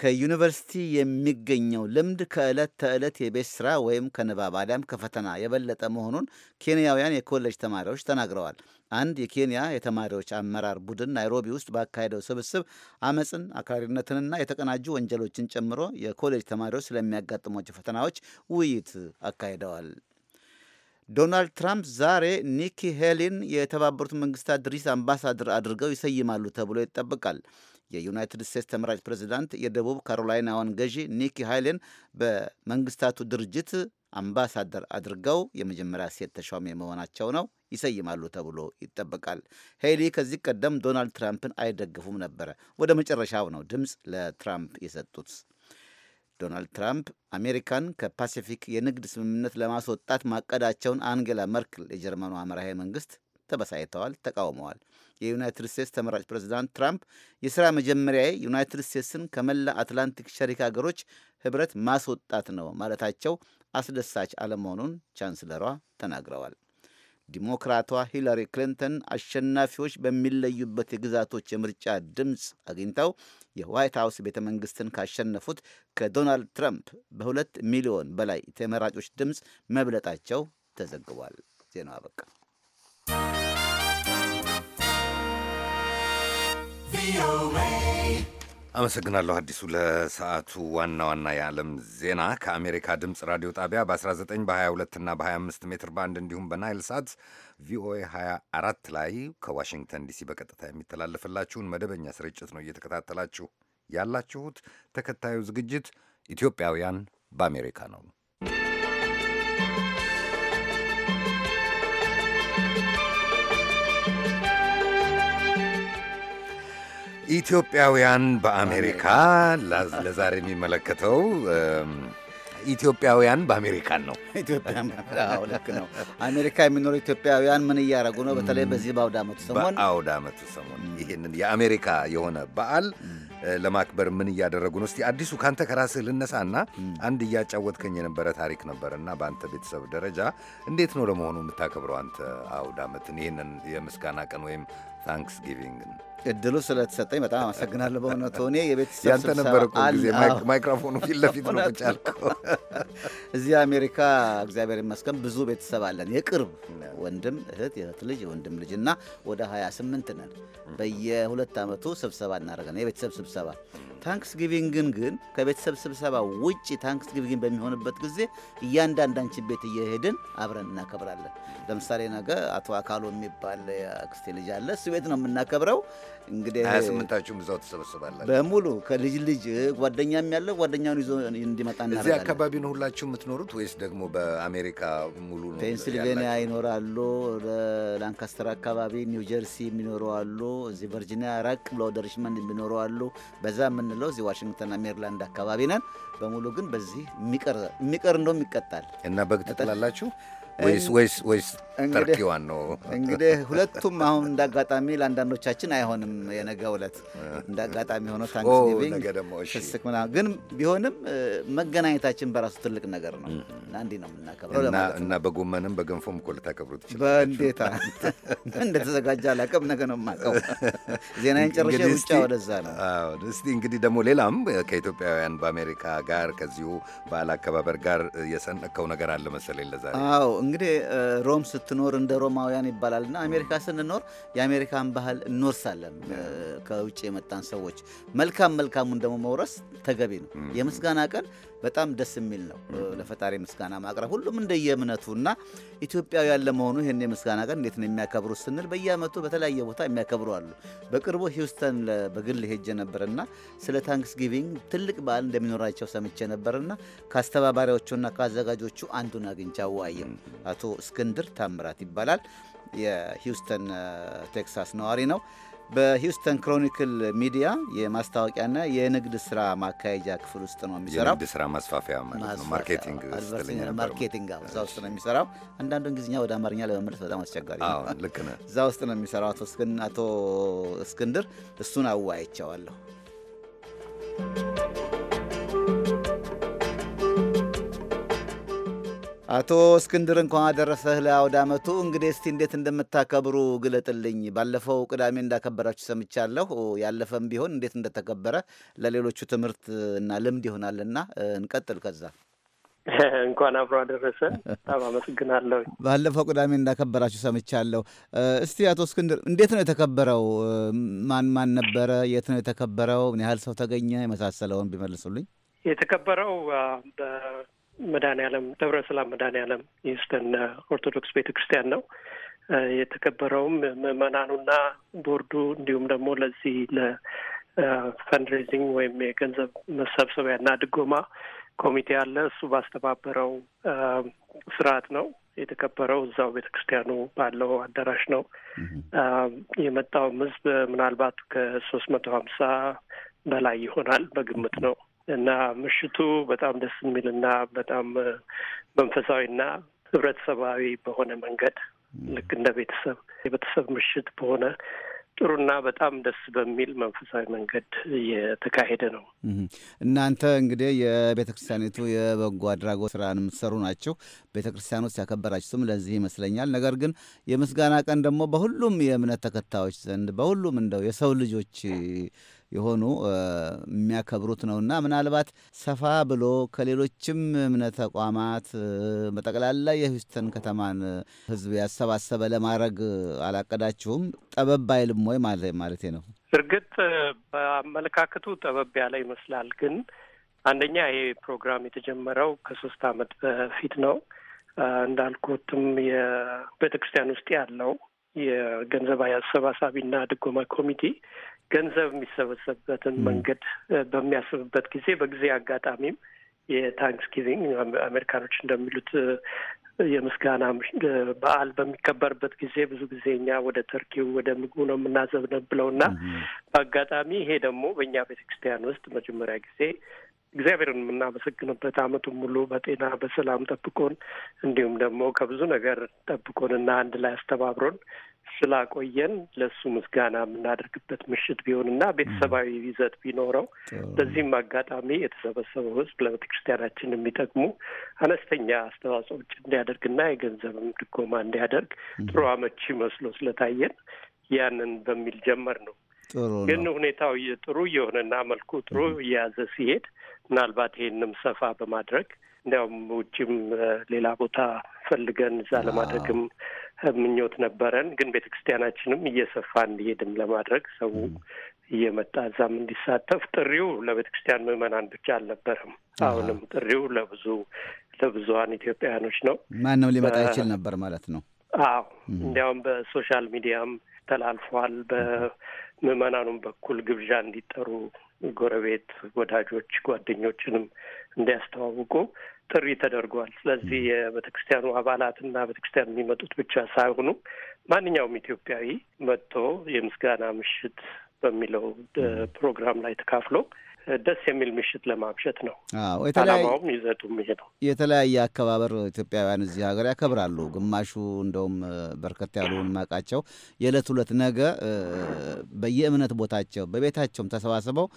ከዩኒቨርሲቲ የሚገኘው ልምድ ከዕለት ተዕለት የቤት ስራ ወይም ከንባብ አሊያም ከፈተና የበለጠ መሆኑን ኬንያውያን የኮሌጅ ተማሪዎች ተናግረዋል። አንድ የኬንያ የተማሪዎች አመራር ቡድን ናይሮቢ ውስጥ ባካሄደው ስብስብ አመፅን፣ አክራሪነትንና የተቀናጁ ወንጀሎችን ጨምሮ የኮሌጅ ተማሪዎች ስለሚያጋጥሟቸው ፈተናዎች ውይይት አካሂደዋል። ዶናልድ ትራምፕ ዛሬ ኒኪ ሄሊን የተባበሩት መንግስታት ድርጅት አምባሳደር አድርገው ይሰይማሉ ተብሎ ይጠበቃል። የዩናይትድ ስቴትስ ተመራጭ ፕሬዚዳንት የደቡብ ካሮላይናዋን ገዢ ኒኪ ሃይሌን በመንግስታቱ ድርጅት አምባሳደር አድርገው የመጀመሪያ ሴት ተሿሚ መሆናቸው ነው ይሰይማሉ ተብሎ ይጠበቃል። ሄሊ ከዚህ ቀደም ዶናልድ ትራምፕን አይደግፉም ነበረ። ወደ መጨረሻው ነው ድምፅ ለትራምፕ የሰጡት። ዶናልድ ትራምፕ አሜሪካን ከፓሲፊክ የንግድ ስምምነት ለማስወጣት ማቀዳቸውን አንጌላ መርክል የጀርመኗ መራሄ መንግስት ተበሳይተዋል፣ ተቃውመዋል። የዩናይትድ ስቴትስ ተመራጭ ፕሬዚዳንት ትራምፕ የሥራ መጀመሪያ ዩናይትድ ስቴትስን ከመላ አትላንቲክ ሸሪክ ሀገሮች ህብረት ማስወጣት ነው ማለታቸው አስደሳች አለመሆኑን ቻንስለሯ ተናግረዋል። ዲሞክራቷ ሂላሪ ክሊንተን አሸናፊዎች በሚለዩበት የግዛቶች የምርጫ ድምፅ አግኝተው የዋይት ሀውስ ቤተ መንግስትን ካሸነፉት ከዶናልድ ትራምፕ በሁለት ሚሊዮን በላይ ተመራጮች ድምፅ መብለጣቸው ተዘግቧል። ዜናው አበቃ። አመሰግናለሁ አዲሱ። ለሰዓቱ ዋና ዋና የዓለም ዜና ከአሜሪካ ድምፅ ራዲዮ ጣቢያ በ19 በ22 እና በ25 ሜትር ባንድ እንዲሁም በናይል ሳት ቪኦኤ 24 ላይ ከዋሽንግተን ዲሲ በቀጥታ የሚተላለፍላችሁን መደበኛ ስርጭት ነው እየተከታተላችሁ ያላችሁት። ተከታዩ ዝግጅት ኢትዮጵያውያን በአሜሪካ ነው። ኢትዮጵያውያን በአሜሪካ ለዛሬ የሚመለከተው ኢትዮጵያውያን በአሜሪካን ነው። ኢትዮጵያውያን ልክ ነው። አሜሪካ የሚኖሩ ኢትዮጵያውያን ምን እያደረጉ ነው? በተለይ በዚህ በአውደ ዓመቱ ሰሞን በአውደ ዓመቱ ሰሞን ይህንን የአሜሪካ የሆነ በዓል ለማክበር ምን እያደረጉ ነው? እስቲ አዲሱ ከአንተ ከራስህ ልነሳና አንድ እያጫወትከኝ የነበረ ታሪክ ነበረና በአንተ ቤተሰብ ደረጃ እንዴት ነው ለመሆኑ የምታከብረው አንተ አውደ ዓመትን ይህንን የምስጋና ቀን ወይም ታንክስጊቪንግን? እድሉ ስለተሰጠኝ በጣም አመሰግናለሁ። በእውነቱ እኔ የቤተሰብ ያንተ ነበር እኮ ጊዜ ማይክሮፎኑ ፊት ለፊት ነው ብቻልኩ። እዚህ አሜሪካ እግዚአብሔር ይመስገን ብዙ ቤተሰብ አለን። የቅርብ ወንድም እህት፣ የእህት ልጅ፣ የወንድም ልጅ እና ወደ 28 ነን። በየሁለት ዓመቱ ስብሰባ እናደርጋለን፣ የቤተሰብ ስብሰባ። ታንክስ ጊቪንግን ግን ከቤተሰብ ስብሰባ ውጭ ታንክስ ጊቪንግን በሚሆንበት ጊዜ እያንዳንዳንችን ቤት እየሄድን አብረን እናከብራለን። ለምሳሌ ነገ አቶ አካሎ የሚባል አክስቴ ልጅ አለ፣ እሱ ቤት ነው የምናከብረው እንግዲህ ሀያ ስምንታችሁም እዛው ተሰበስባላችሁ በሙሉ ከልጅ ልጅ ጓደኛም ያለው ጓደኛውን ይዞ እንዲመጣ እናደርጋለን። እዚህ አካባቢ ነው ሁላችሁ የምትኖሩት ወይስ ደግሞ በአሜሪካ ሙሉ ነው? ፔንስልቬኒያ ይኖራሉ፣ ላንካስተር አካባቢ፣ ኒው ጀርሲ የሚኖሩ አሉ፣ እዚህ ቨርጂኒያ ራቅ ብለው ወደ ሪችመንድ የሚኖሩ አሉ። በዛ የምንለው እዚህ ዋሽንግተንና ሜሪላንድ አካባቢ ነን። በሙሉ ግን በዚህ የሚቀር እንደውም ይቀጣል እና በግ ትጥላላችሁ ወይስ ወይስ ወይስ ተርኪዋን ነው እንግዲህ ሁለቱም። አሁን እንደ አጋጣሚ ለአንዳንዶቻችን አይሆንም። የነገ ዕለት እንደ አጋጣሚ ሆኖ ታንክስጊቪንግ ፍስክ ግን ቢሆንም መገናኘታችን በራሱ ትልቅ ነገር ነው እና እንዲህ ነው የምናከብረው እና በጎመንም በገንፎም እኮ ልታከብሩ ትችላለች። በእንዴታ እንደተዘጋጀ አላውቅም። ነገ ነው የማውቀው። ዜናዬን ጨርሼ ውጫ ወደዛ ነው። እስቲ እንግዲህ ደግሞ ሌላም ከኢትዮጵያውያን በአሜሪካ ጋር ከዚሁ በዓል አከባበር ጋር የሰነከው ነገር አለ መሰለኝ ለዛሬ እንግዲህ ሮም ስትኖር እንደ ሮማውያን ይባላል እና አሜሪካ ስንኖር የአሜሪካን ባህል እንወርሳለን። ከውጭ የመጣን ሰዎች መልካም መልካሙን ደግሞ መውረስ ተገቢ ነው። የምስጋና ቀን በጣም ደስ የሚል ነው። ለፈጣሪ ምስጋና ማቅረብ ሁሉም እንደየእምነቱ እና ኢትዮጵያዊ ያለ መሆኑ ይህን የምስጋና ቀን እንዴት ነው የሚያከብሩት ስንል በየአመቱ በተለያየ ቦታ የሚያከብሩ አሉ። በቅርቡ ሂውስተን በግል ሄጄ ነበርና ስለ ታንክስ ጊቪንግ ትልቅ በዓል እንደሚኖራቸው ሰምቼ ነበርና ከአስተባባሪዎቹና ከአዘጋጆቹ አንዱን አግኝቼ አወያየሁ። አቶ እስክንድር ታምራት ይባላል። የሂውስተን ቴክሳስ ነዋሪ ነው። በሂውስተን ክሮኒክል ሚዲያ የማስታወቂያና የንግድ ስራ ማካሄጃ ክፍል ውስጥ ነው የሚሰራው። የንግድ ስራ ማስፋፊያ ማለት ነው። ማርኬቲንግ እዛ ውስጥ ነው የሚሰራው። አንዳንዱ እንግሊዝኛ ወደ አማርኛ ለመመለስ በጣም አስቸጋሪ ነው። ልክ ነህ። እዛ ውስጥ ነው የሚሰራው አቶ እስክንድር። እሱን you. አቶ እስክንድር እንኳን አደረሰህ ለአውደ ዓመቱ። እንግዲህ እስቲ እንዴት እንደምታከብሩ ግለጥልኝ። ባለፈው ቅዳሜ እንዳከበራችሁ ሰምቻለሁ። ያለፈም ቢሆን እንዴት እንደተከበረ ለሌሎቹ ትምህርት እና ልምድ ይሆናልና እንቀጥል ከዛ እንኳን አብሮ አደረሰ። በጣም አመሰግናለሁ። ባለፈው ቅዳሜ እንዳከበራችሁ ሰምቻለሁ። እስቲ አቶ እስክንድር እንዴት ነው የተከበረው? ማን ማን ነበረ? የት ነው የተከበረው? ምን ያህል ሰው ተገኘ? የመሳሰለውን ቢመልሱልኝ። የተከበረው መድኃኔ ዓለም ደብረ ሰላም መድኃኔ ዓለም ኦርቶዶክስ ቤተ ክርስቲያን ነው። የተከበረውም ምዕመናኑና ቦርዱ እንዲሁም ደግሞ ለዚህ ለፈንድሬዚንግ ወይም የገንዘብ መሰብሰቢያና ድጎማ ኮሚቴ አለ። እሱ ባስተባበረው ስርዓት ነው የተከበረው። እዛው ቤተ ክርስቲያኑ ባለው አዳራሽ ነው የመጣውም ህዝብ ምናልባት ከሶስት መቶ ሀምሳ በላይ ይሆናል በግምት ነው። እና ምሽቱ በጣም ደስ የሚልና በጣም መንፈሳዊና ህብረተሰባዊ በሆነ መንገድ ልክ እንደ ቤተሰብ የቤተሰብ ምሽት በሆነ ጥሩና በጣም ደስ በሚል መንፈሳዊ መንገድ እየተካሄደ ነው። እናንተ እንግዲህ የቤተ ክርስቲያኒቱ የበጎ አድራጎት ስራን የምትሰሩ ናቸው። ቤተ ክርስቲያን ውስጥ ያከበራችሁትም ለዚህ ይመስለኛል። ነገር ግን የምስጋና ቀን ደግሞ በሁሉም የእምነት ተከታዮች ዘንድ በሁሉም እንደው የሰው ልጆች የሆኑ የሚያከብሩት ነውና ምናልባት ሰፋ ብሎ ከሌሎችም እምነት ተቋማት በጠቅላላ የሂውስተን ከተማን ህዝብ ያሰባሰበ ለማድረግ አላቀዳችሁም? ጠበብ አይልም ወይ ማለቴ ነው። እርግጥ በአመለካከቱ ጠበብ ያለ ይመስላል። ግን አንደኛ ይሄ ፕሮግራም የተጀመረው ከሶስት አመት በፊት ነው። እንዳልኩትም የቤተክርስቲያን ውስጥ ያለው የገንዘብ አሰባሳቢና ድጎማ ኮሚቴ ገንዘብ የሚሰበሰብበትን መንገድ በሚያስብበት ጊዜ በጊዜ አጋጣሚም የታንክስ ጊቪንግ አሜሪካኖች እንደሚሉት የምስጋና በዓል በሚከበርበት ጊዜ ብዙ ጊዜ እኛ ወደ ተርኪው ወደ ምግቡ ነው የምናዘነብለው እና በአጋጣሚ ይሄ ደግሞ በእኛ ቤተክርስቲያን ውስጥ መጀመሪያ ጊዜ እግዚአብሔርን የምናመሰግንበት ዓመቱን ሙሉ በጤና በሰላም ጠብቆን እንዲሁም ደግሞ ከብዙ ነገር ጠብቆን እና አንድ ላይ አስተባብሮን ስላቆየን ለእሱ ምስጋና የምናደርግበት ምሽት ቢሆንና ቤተሰባዊ ይዘት ቢኖረው በዚህም አጋጣሚ የተሰበሰበው ሕዝብ ለቤተ ክርስቲያናችን የሚጠቅሙ አነስተኛ አስተዋጽኦዎች እንዲያደርግና የገንዘብም ድጎማ እንዲያደርግ ጥሩ አመቺ መስሎ ስለታየን ያንን በሚል ጀመር ነው። ግን ሁኔታው ጥሩ እየሆነና መልኩ ጥሩ እየያዘ ሲሄድ ምናልባት ይሄንም ሰፋ በማድረግ እንዲያውም ውጭም ሌላ ቦታ ፈልገን እዛ ለማድረግም ምኞት ነበረን። ግን ቤተ ክርስቲያናችንም እየሰፋ እንዲሄድም ለማድረግ ሰው እየመጣ እዛም እንዲሳተፍ ጥሪው ለቤተ ክርስቲያን ምዕመናን ብቻ አልነበረም። አሁንም ጥሪው ለብዙ ለብዙሀን ኢትዮጵያውያኖች ነው። ማንም ሊመጣ ይችል ነበር ማለት ነው። አዎ እንዲያውም በሶሻል ሚዲያም ተላልፏል። በምዕመናኑም በኩል ግብዣ እንዲጠሩ ጎረቤት፣ ወዳጆች፣ ጓደኞችንም እንዲያስተዋውቁ ጥሪ ተደርጓል። ስለዚህ የቤተክርስቲያኑ ክርስቲያኑ አባላትና ቤተክርስቲያን የሚመጡት ብቻ ሳይሆኑ ማንኛውም ኢትዮጵያዊ መጥቶ የምስጋና ምሽት በሚለው ፕሮግራም ላይ ተካፍሎ ደስ የሚል ምሽት ለማምሸት ነው። አላማውም ይዘቱም ይሄ ነው። የተለያየ አከባበር ኢትዮጵያውያን እዚህ ሀገር ያከብራሉ። ግማሹ እንደውም በርከት ያሉ ማቃቸው የዕለት ሁለት ነገ በየእምነት ቦታቸው በቤታቸውም ተሰባስበው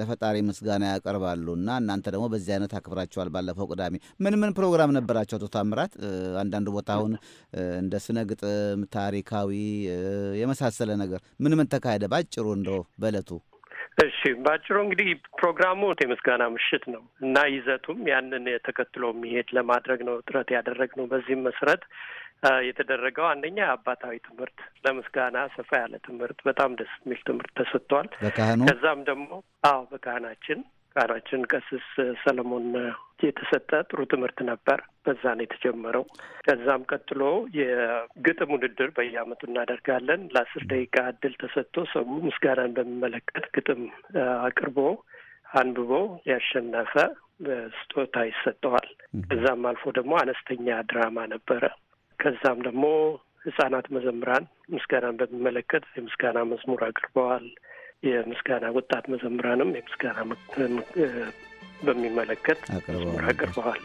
ለፈጣሪ ምስጋና ያቀርባሉ እና እናንተ ደግሞ በዚህ አይነት አክብራችኋል። ባለፈው ቅዳሜ ምን ምን ፕሮግራም ነበራቸው? ቶታምራት አንዳንድ ቦታ አሁን እንደ ስነ ግጥም ታሪካዊ የመሳሰለ ነገር ምን ምን ተካሄደ? ባጭሩ እንደው በዕለቱ እሺ ባጭሩ እንግዲህ ፕሮግራሙ የምስጋና ምሽት ነው እና ይዘቱም ያንን ተከትሎ የሚሄድ ለማድረግ ነው ጥረት ያደረግነው። በዚህም መሰረት የተደረገው አንደኛ አባታዊ ትምህርት ለምስጋና ሰፋ ያለ ትምህርት፣ በጣም ደስ የሚል ትምህርት ተሰጥቷል። በካህኑ ከዛም ደግሞ አዎ በካህናችን ቃራችን ቀስስ ሰለሞን የተሰጠ ጥሩ ትምህርት ነበር። በዛ ነው የተጀመረው። ከዛም ቀጥሎ የግጥም ውድድር በየአመቱ እናደርጋለን። ለአስር ደቂቃ እድል ተሰጥቶ ሰው ምስጋናን በሚመለከት ግጥም አቅርቦ አንብቦ ያሸነፈ ስጦታ ይሰጠዋል። ከዛም አልፎ ደግሞ አነስተኛ ድራማ ነበረ። ከዛም ደግሞ ህጻናት መዘምራን ምስጋናን በሚመለከት የምስጋና መዝሙር አቅርበዋል። የምስጋና ወጣት መዘምራንም የምስጋና በሚመለከት አቅርበዋል።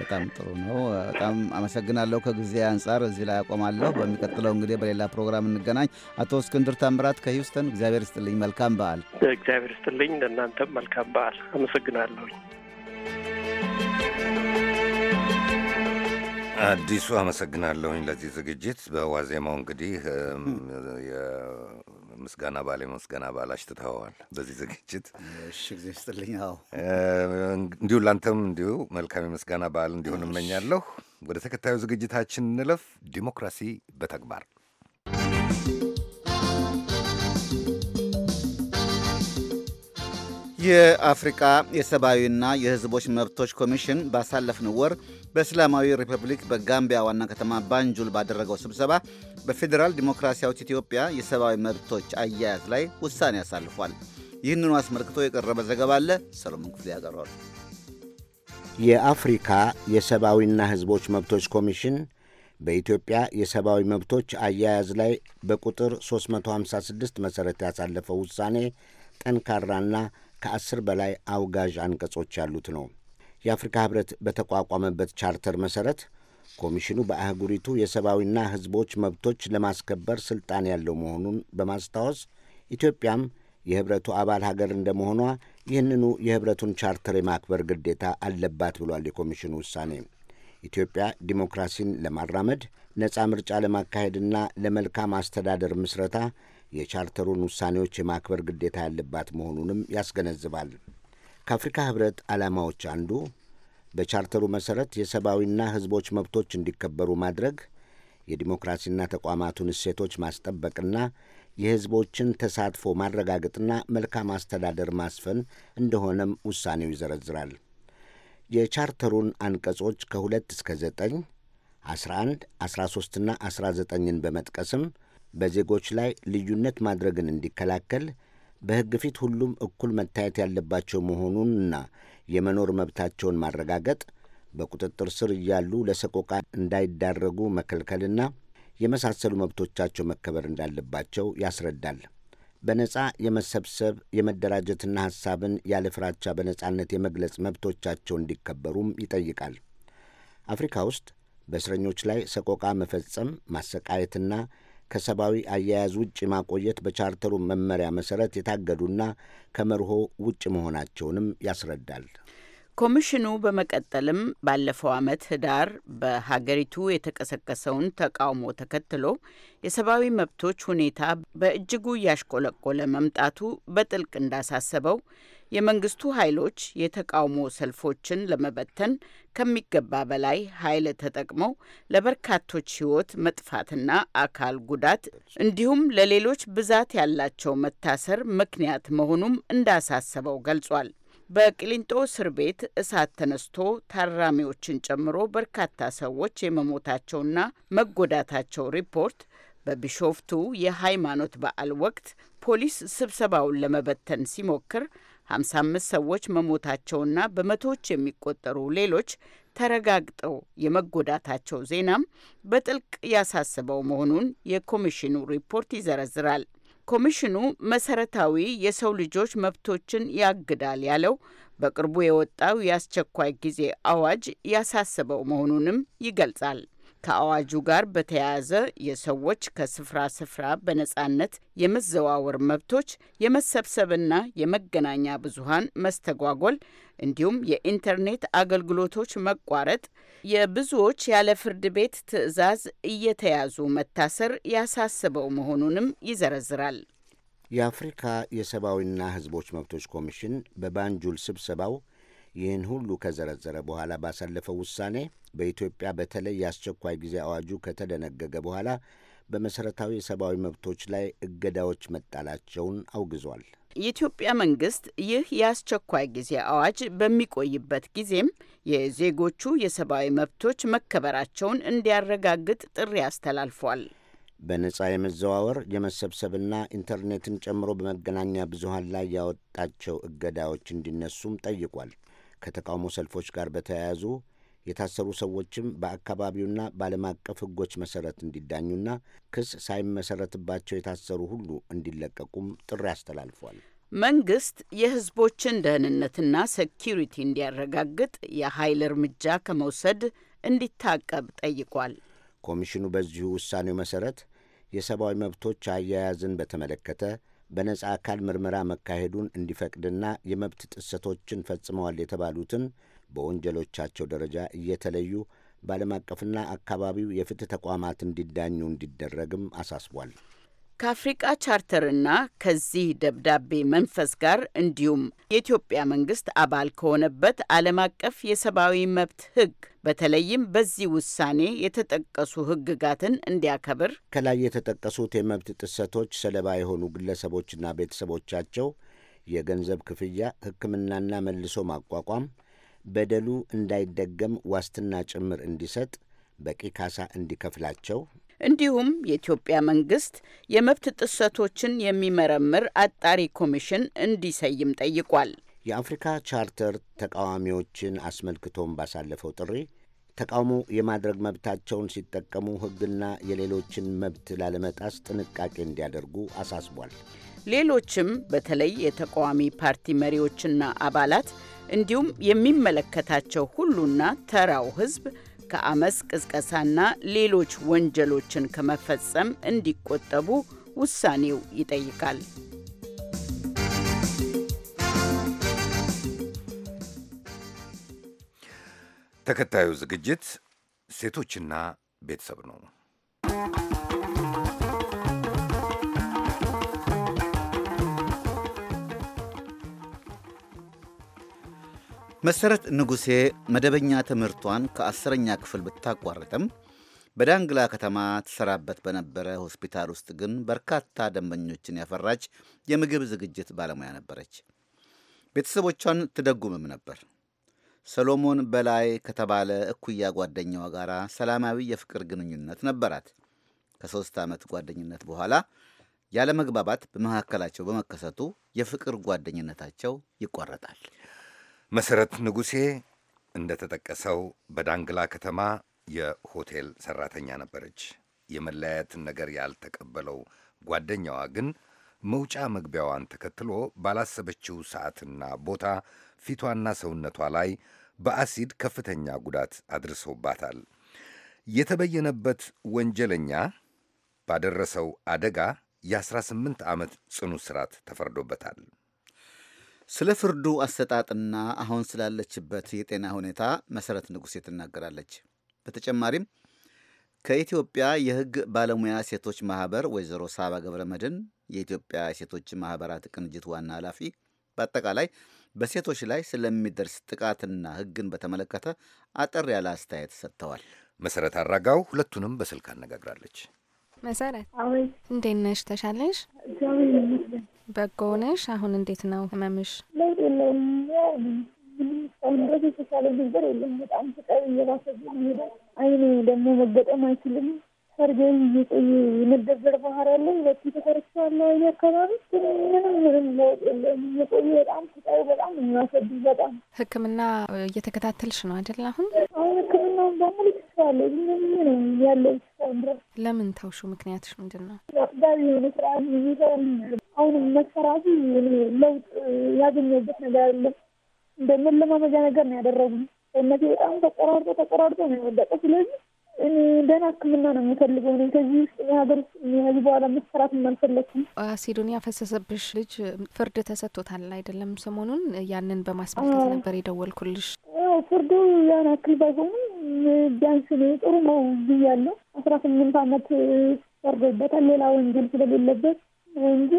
በጣም ጥሩ ነው። በጣም አመሰግናለሁ። ከጊዜ አንጻር እዚህ ላይ አቆማለሁ። በሚቀጥለው እንግዲህ በሌላ ፕሮግራም እንገናኝ። አቶ እስክንድር ታምራት ከሂውስተን እግዚአብሔር ይስጥልኝ። መልካም በዓል። እግዚአብሔር ይስጥልኝ። ለእናንተም መልካም በዓል። አመሰግናለሁ አዲሱ አመሰግናለሁኝ ለዚህ ዝግጅት በዋዜማው እንግዲህ ምስጋና ባሌ ምስጋና ባል ትተኸዋል በዚህ ዝግጅት። እሺ ጊዜ እንዲሁ ላንተም እንዲሁ መልካም የምስጋና በዓል እንዲሆን እመኛለሁ። ወደ ተከታዩ ዝግጅታችን እንለፍ። ዲሞክራሲ በተግባር የአፍሪቃ የሰብአዊና የህዝቦች መብቶች ኮሚሽን ባሳለፍነው ወር በእስላማዊ ሪፐብሊክ በጋምቢያ ዋና ከተማ ባንጁል ባደረገው ስብሰባ በፌዴራል ዲሞክራሲያዊት ኢትዮጵያ የሰብአዊ መብቶች አያያዝ ላይ ውሳኔ አሳልፏል። ይህንኑ አስመልክቶ የቀረበ ዘገባ አለ። ሰሎሞን ክፍሌ ያቀርባል። የአፍሪካ የሰብአዊና ህዝቦች መብቶች ኮሚሽን በኢትዮጵያ የሰብአዊ መብቶች አያያዝ ላይ በቁጥር 356 መሠረት ያሳለፈው ውሳኔ ጠንካራና ከአስር በላይ አውጋዥ አንቀጾች ያሉት ነው። የአፍሪካ ህብረት በተቋቋመበት ቻርተር መሠረት ኮሚሽኑ በአህጉሪቱ የሰብአዊና ህዝቦች መብቶች ለማስከበር ስልጣን ያለው መሆኑን በማስታወስ ኢትዮጵያም የህብረቱ አባል ሀገር እንደመሆኗ ይህንኑ የህብረቱን ቻርተር የማክበር ግዴታ አለባት ብሏል የኮሚሽኑ ውሳኔ። ኢትዮጵያ ዲሞክራሲን ለማራመድ ነፃ ምርጫ ለማካሄድና ለመልካም አስተዳደር ምስረታ የቻርተሩን ውሳኔዎች የማክበር ግዴታ ያለባት መሆኑንም ያስገነዝባል። ከአፍሪካ ህብረት ዓላማዎች አንዱ በቻርተሩ መሠረት የሰብአዊና ህዝቦች መብቶች እንዲከበሩ ማድረግ፣ የዲሞክራሲና ተቋማቱን እሴቶች ማስጠበቅና የህዝቦችን ተሳትፎ ማረጋገጥና መልካም አስተዳደር ማስፈን እንደሆነም ውሳኔው ይዘረዝራል። የቻርተሩን አንቀጾች ከሁለት እስከ ዘጠኝ 11 13ና 19ን በመጥቀስም በዜጎች ላይ ልዩነት ማድረግን እንዲከላከል በሕግ ፊት ሁሉም እኩል መታየት ያለባቸው መሆኑንና የመኖር መብታቸውን ማረጋገጥ በቁጥጥር ስር እያሉ ለሰቆቃ እንዳይዳረጉ መከልከልና የመሳሰሉ መብቶቻቸው መከበር እንዳለባቸው ያስረዳል። በነጻ የመሰብሰብ የመደራጀትና ሐሳብን ያለ ፍራቻ በነጻነት የመግለጽ መብቶቻቸው እንዲከበሩም ይጠይቃል። አፍሪካ ውስጥ በእስረኞች ላይ ሰቆቃ መፈጸም ማሰቃየትና ከሰብአዊ አያያዝ ውጭ ማቆየት በቻርተሩ መመሪያ መሰረት የታገዱና ከመርሆ ውጭ መሆናቸውንም ያስረዳል። ኮሚሽኑ በመቀጠልም ባለፈው ዓመት ህዳር በሀገሪቱ የተቀሰቀሰውን ተቃውሞ ተከትሎ የሰብአዊ መብቶች ሁኔታ በእጅጉ እያሽቆለቆለ መምጣቱ በጥልቅ እንዳሳሰበው የመንግስቱ ኃይሎች የተቃውሞ ሰልፎችን ለመበተን ከሚገባ በላይ ኃይል ተጠቅመው ለበርካቶች ሕይወት መጥፋትና አካል ጉዳት እንዲሁም ለሌሎች ብዛት ያላቸው መታሰር ምክንያት መሆኑም እንዳሳሰበው ገልጿል። በቅሊንጦ እስር ቤት እሳት ተነስቶ ታራሚዎችን ጨምሮ በርካታ ሰዎች የመሞታቸውና መጎዳታቸው ሪፖርት በቢሾፍቱ የሃይማኖት በዓል ወቅት ፖሊስ ስብሰባውን ለመበተን ሲሞክር 55 ሰዎች መሞታቸውና በመቶዎች የሚቆጠሩ ሌሎች ተረጋግጠው የመጎዳታቸው ዜናም በጥልቅ ያሳስበው መሆኑን የኮሚሽኑ ሪፖርት ይዘረዝራል። ኮሚሽኑ መሰረታዊ የሰው ልጆች መብቶችን ያግዳል ያለው በቅርቡ የወጣው የአስቸኳይ ጊዜ አዋጅ ያሳስበው መሆኑንም ይገልጻል። ከአዋጁ ጋር በተያያዘ የሰዎች ከስፍራ ስፍራ በነጻነት የመዘዋወር መብቶች፣ የመሰብሰብና የመገናኛ ብዙሃን መስተጓጎል እንዲሁም የኢንተርኔት አገልግሎቶች መቋረጥ፣ የብዙዎች ያለ ፍርድ ቤት ትዕዛዝ እየተያዙ መታሰር ያሳስበው መሆኑንም ይዘረዝራል። የአፍሪካ የሰብአዊና ሕዝቦች መብቶች ኮሚሽን በባንጁል ስብሰባው ይህን ሁሉ ከዘረዘረ በኋላ ባሳለፈው ውሳኔ በኢትዮጵያ በተለይ የአስቸኳይ ጊዜ አዋጁ ከተደነገገ በኋላ በመሰረታዊ የሰብአዊ መብቶች ላይ እገዳዎች መጣላቸውን አውግዟል። የኢትዮጵያ መንግስት ይህ የአስቸኳይ ጊዜ አዋጅ በሚቆይበት ጊዜም የዜጎቹ የሰብአዊ መብቶች መከበራቸውን እንዲያረጋግጥ ጥሪ አስተላልፏል። በነጻ የመዘዋወር የመሰብሰብና ኢንተርኔትን ጨምሮ በመገናኛ ብዙሀን ላይ ያወጣቸው እገዳዎች እንዲነሱም ጠይቋል። ከተቃውሞ ሰልፎች ጋር በተያያዙ የታሰሩ ሰዎችም በአካባቢውና በዓለም አቀፍ ሕጎች መሠረት እንዲዳኙና ክስ ሳይመሠረትባቸው የታሰሩ ሁሉ እንዲለቀቁም ጥሪ አስተላልፏል። መንግስት የሕዝቦችን ደህንነትና ሴኪሪቲ እንዲያረጋግጥ የኃይል እርምጃ ከመውሰድ እንዲታቀብ ጠይቋል። ኮሚሽኑ በዚሁ ውሳኔው መሠረት የሰብአዊ መብቶች አያያዝን በተመለከተ በነጻ አካል ምርመራ መካሄዱን እንዲፈቅድና የመብት ጥሰቶችን ፈጽመዋል የተባሉትን በወንጀሎቻቸው ደረጃ እየተለዩ በዓለም አቀፍና አካባቢው የፍትህ ተቋማት እንዲዳኙ እንዲደረግም አሳስቧል። ከአፍሪቃ ቻርተርና ከዚህ ደብዳቤ መንፈስ ጋር እንዲሁም የኢትዮጵያ መንግስት አባል ከሆነበት ዓለም አቀፍ የሰብአዊ መብት ህግ በተለይም በዚህ ውሳኔ የተጠቀሱ ህግጋትን እንዲያከብር ከላይ የተጠቀሱት የመብት ጥሰቶች ሰለባ የሆኑ ግለሰቦችና ቤተሰቦቻቸው የገንዘብ ክፍያ፣ ሕክምናና መልሶ ማቋቋም፣ በደሉ እንዳይደገም ዋስትና ጭምር እንዲሰጥ በቂ ካሳ እንዲከፍላቸው እንዲሁም የኢትዮጵያ መንግስት የመብት ጥሰቶችን የሚመረምር አጣሪ ኮሚሽን እንዲሰይም ጠይቋል። የአፍሪካ ቻርተር ተቃዋሚዎችን አስመልክቶም ባሳለፈው ጥሪ ተቃውሞ የማድረግ መብታቸውን ሲጠቀሙ ሕግና የሌሎችን መብት ላለመጣስ ጥንቃቄ እንዲያደርጉ አሳስቧል። ሌሎችም በተለይ የተቃዋሚ ፓርቲ መሪዎችና አባላት እንዲሁም የሚመለከታቸው ሁሉና ተራው ሕዝብ ከአመስ ቅስቀሳና ሌሎች ወንጀሎችን ከመፈጸም እንዲቆጠቡ ውሳኔው ይጠይቃል። ተከታዩ ዝግጅት ሴቶችና ቤተሰብ ነው። መሰረት ንጉሴ መደበኛ ትምህርቷን ከአስረኛ ክፍል ብታቋርጥም በዳንግላ ከተማ ትሰራበት በነበረ ሆስፒታል ውስጥ ግን በርካታ ደንበኞችን ያፈራች የምግብ ዝግጅት ባለሙያ ነበረች። ቤተሰቦቿን ትደጉምም ነበር። ሰሎሞን በላይ ከተባለ እኩያ ጓደኛዋ ጋር ሰላማዊ የፍቅር ግንኙነት ነበራት። ከሶስት ዓመት ጓደኝነት በኋላ ያለመግባባት በመካከላቸው በመከሰቱ የፍቅር ጓደኝነታቸው ይቋረጣል። መሰረት ንጉሴ እንደተጠቀሰው በዳንግላ ከተማ የሆቴል ሰራተኛ ነበረች። የመለያየትን ነገር ያልተቀበለው ጓደኛዋ ግን መውጫ መግቢያዋን ተከትሎ ባላሰበችው ሰዓትና ቦታ ፊቷና ሰውነቷ ላይ በአሲድ ከፍተኛ ጉዳት አድርሶባታል። የተበየነበት ወንጀለኛ ባደረሰው አደጋ የ18 ዓመት ጽኑ እስራት ተፈርዶበታል። ስለ ፍርዱ አሰጣጥና አሁን ስላለችበት የጤና ሁኔታ መሰረት ንጉሴ ትናገራለች። በተጨማሪም ከኢትዮጵያ የሕግ ባለሙያ ሴቶች ማህበር ወይዘሮ ሳባ ገብረ መድን፣ የኢትዮጵያ ሴቶች ማህበራት ቅንጅት ዋና ኃላፊ፣ በአጠቃላይ በሴቶች ላይ ስለሚደርስ ጥቃትና ሕግን በተመለከተ አጠር ያለ አስተያየት ሰጥተዋል። መሰረት አራጋው ሁለቱንም በስልክ አነጋግራለች። መሰረት እንዴት ነሽ? ተሻለሽ? በጎ ነሽ? አሁን እንዴት ነው ህመምሽ? የተሻለ ነገር የለም። በጣም ፍቃድ እየባሰ ሄደ። አይኔ ደግሞ መገጠም አይችልም ሰርጌን ይቆይ የመደበር ባህር ያለ ሁለቱ ተከርቻለ ይ አካባቢ ምንም ምንም ለውጥ የለም። እየቆዩ በጣም ስቃዩ በጣም የሚያሰዱ በጣም ሕክምና እየተከታተልሽ ነው አይደል? አሁን አሁን ሕክምናውን በሙሉ ትችዋለ ነው ያለው እስካሁን ድረስ። ለምን ተውሹ? ምክንያትሽ ምንድን ነው? አጥጋቢ የሆነ ስርዓት ብዙ ሰው አሁንም መሰራቱ ለውጥ ያገኘበት ነገር አይደለም። እንደምን ለማመጃ ነገር ነው ያደረጉ ሰውነቴ በጣም ተቆራርጦ ተቆራርጦ ነው የወደቀ ስለዚህ እኔ ደህና ሕክምና ነው የምፈልገው። እኔ ከዚህ ውስጥ እኔ ሀገር ውስጥ ከዚህ በኋላ መሰራት አልፈለግኩም። አሲዱን ያፈሰሰብሽ ልጅ ፍርድ ተሰጥቶታል አይደለም? ሰሞኑን ያንን በማስመልከት ነበር የደወልኩልሽ። ያው ፍርዱ ያን አክል ባይሆኑም ቢያንስ ጥሩ ነው ብያለሁ። አስራ ስምንት አመት ፈርዶበታል ሌላ ወንጀል ስለሌለበት እንጂ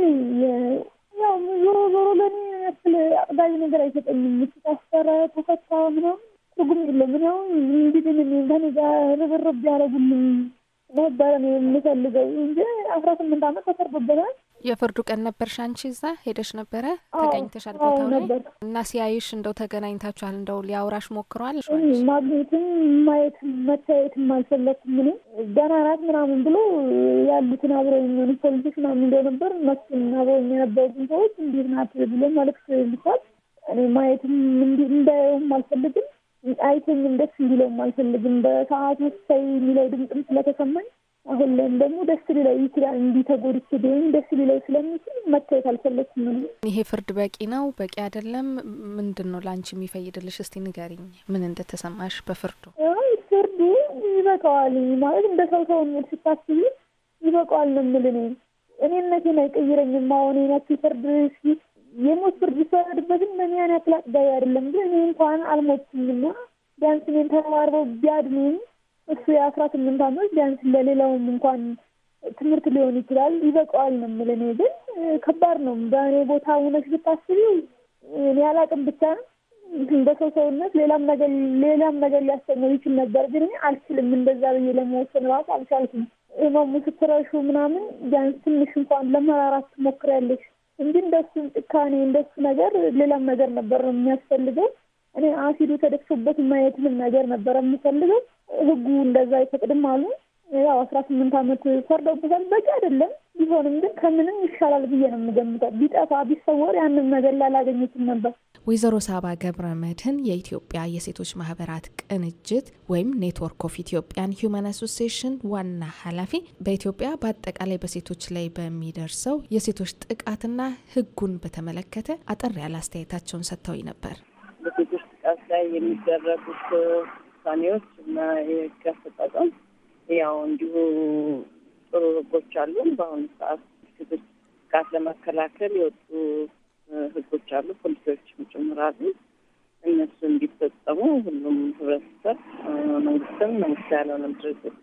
ያው ዞሮ ዞሮ ለእኔ ያክል አቅዳጅ ነገር አይሰጠኝም። ስታሰረ ተፈታ ምናምን ትርጉም የለም። እኔ አሁን እንግዲህ ከኔ ጋር ርብርብ ቢያደርጉልኝ ነበረ ነው የምፈልገው እንጂ አስራ ስምንት አመት ተፈርዶበታል። የፍርዱ ቀን ነበር። ሻንቺ እዛ ሄደሽ ነበረ ተገኝተሻል ቦታው ላይ እና ሲያይሽ እንደው ተገናኝታችኋል? እንደው ሊያውራሽ ሞክሯል? ማግኘትም ማየትም መታየትም አልፈለኩም። ምን ገና አራት ምናምን ብሎ ያሉትን አብረው የሚሆኑ ፖሊሶች ምናምን እንደው ነበር እነሱን አብረው የነበሩትን ሰዎች እንዴት ናት ብሎ መልዕክት ልኳል። እኔ ማየትም እንዳየውም አልፈልግም አይተኝም፣ ደስ እንዲለውም አልፈልግም። በሰዓቱ ሳይ የሚለው ድምፅም ስለተሰማኝ አሁን ላይም ደግሞ ደስ ሊለው ይችላል። እንዲህ ተጎድቼ ቢሆን ደስ ሊለው ስለሚችል መታየት አልፈለግም። ይሄ ፍርድ በቂ ነው በቂ አይደለም፣ ምንድን ነው ለአንቺ የሚፈይድልሽ? እስቲ ንገሪኝ፣ ምን እንደተሰማሽ በፍርዱ። ፍርዱ ይበቃዋል ማለት እንደ ሰው ሰው የሚል ስታስቢ ይበቃዋል ነው የምልህ እኔ እኔነቴን አይቀይረኝም። አሁን ናቸው ፍርድ ሲ የሞት ፍርድ ይፈረድበትም በሚያን ያን ያክል አጥጋቢ አይደለም። ግን እኔ እንኳን አልሞትኩምና ቢያንስ እኔን ተማርበው ቢያድኑኝ እሱ የአስራ ስምንት አመት ቢያንስ ለሌላውም እንኳን ትምህርት ሊሆን ይችላል ይበቃዋል ነው የምልህ። እኔ ግን ከባድ ነው። በእኔ ቦታ ሆነሽ ብታስቢው እኔ አላቅም ብቻ በሰው ሰውነት ሌላም ነገር ሌላም ነገር ሊያሰኘው ይችል ነበር። ግን እኔ አልችልም እንደዛ ብዬ ለመወሰን ራሱ አልቻልኩም። ኖ ምስክረሹ ምናምን ቢያንስ ትንሽ እንኳን ለመራራት ትሞክሪያለሽ እንጂ እንደሱን ጭካኔ እንደሱ ነገር ሌላም ነገር ነበር የሚያስፈልገው። እኔ አሲዱ ተደፍሶበት ማየትንም ነገር ነበር የምፈልገው። ህጉ እንደዛ አይፈቅድም አሉ። ያው አስራ ስምንት አመት ፈርዶብታል። በቂ አይደለም ቢሆንም ግን ከምንም ይሻላል ብዬ ነው የምገምጠው። ቢጠፋ ቢሰወር ያንን ነገር ላላገኘችም ነበር። ወይዘሮ ሳባ ገብረ መድህን የኢትዮጵያ የሴቶች ማህበራት ቅንጅት ወይም ኔትወርክ ኦፍ ኢትዮጵያን ሁማን አሶሲሽን ዋና ኃላፊ በኢትዮጵያ በአጠቃላይ በሴቶች ላይ በሚደርሰው የሴቶች ጥቃትና ሕጉን በተመለከተ አጠር ያለ አስተያየታቸውን ሰጥተው ነበር። በሴቶች ጥቃት ላይ የሚደረጉት ውሳኔዎች እና የሕግ አፈጻጸም ያው እንዲሁ ጥሩ ህጎች አሉን። በአሁኑ ሰዓት ጥቃት ለመከላከል የወጡ ህጎች አሉ፣ ፖሊሲዎች ጭምር እነሱ እንዲፈጸሙ ሁሉም ህብረተሰብ፣ መንግስትም መንግስት ያለውንም ድርጅት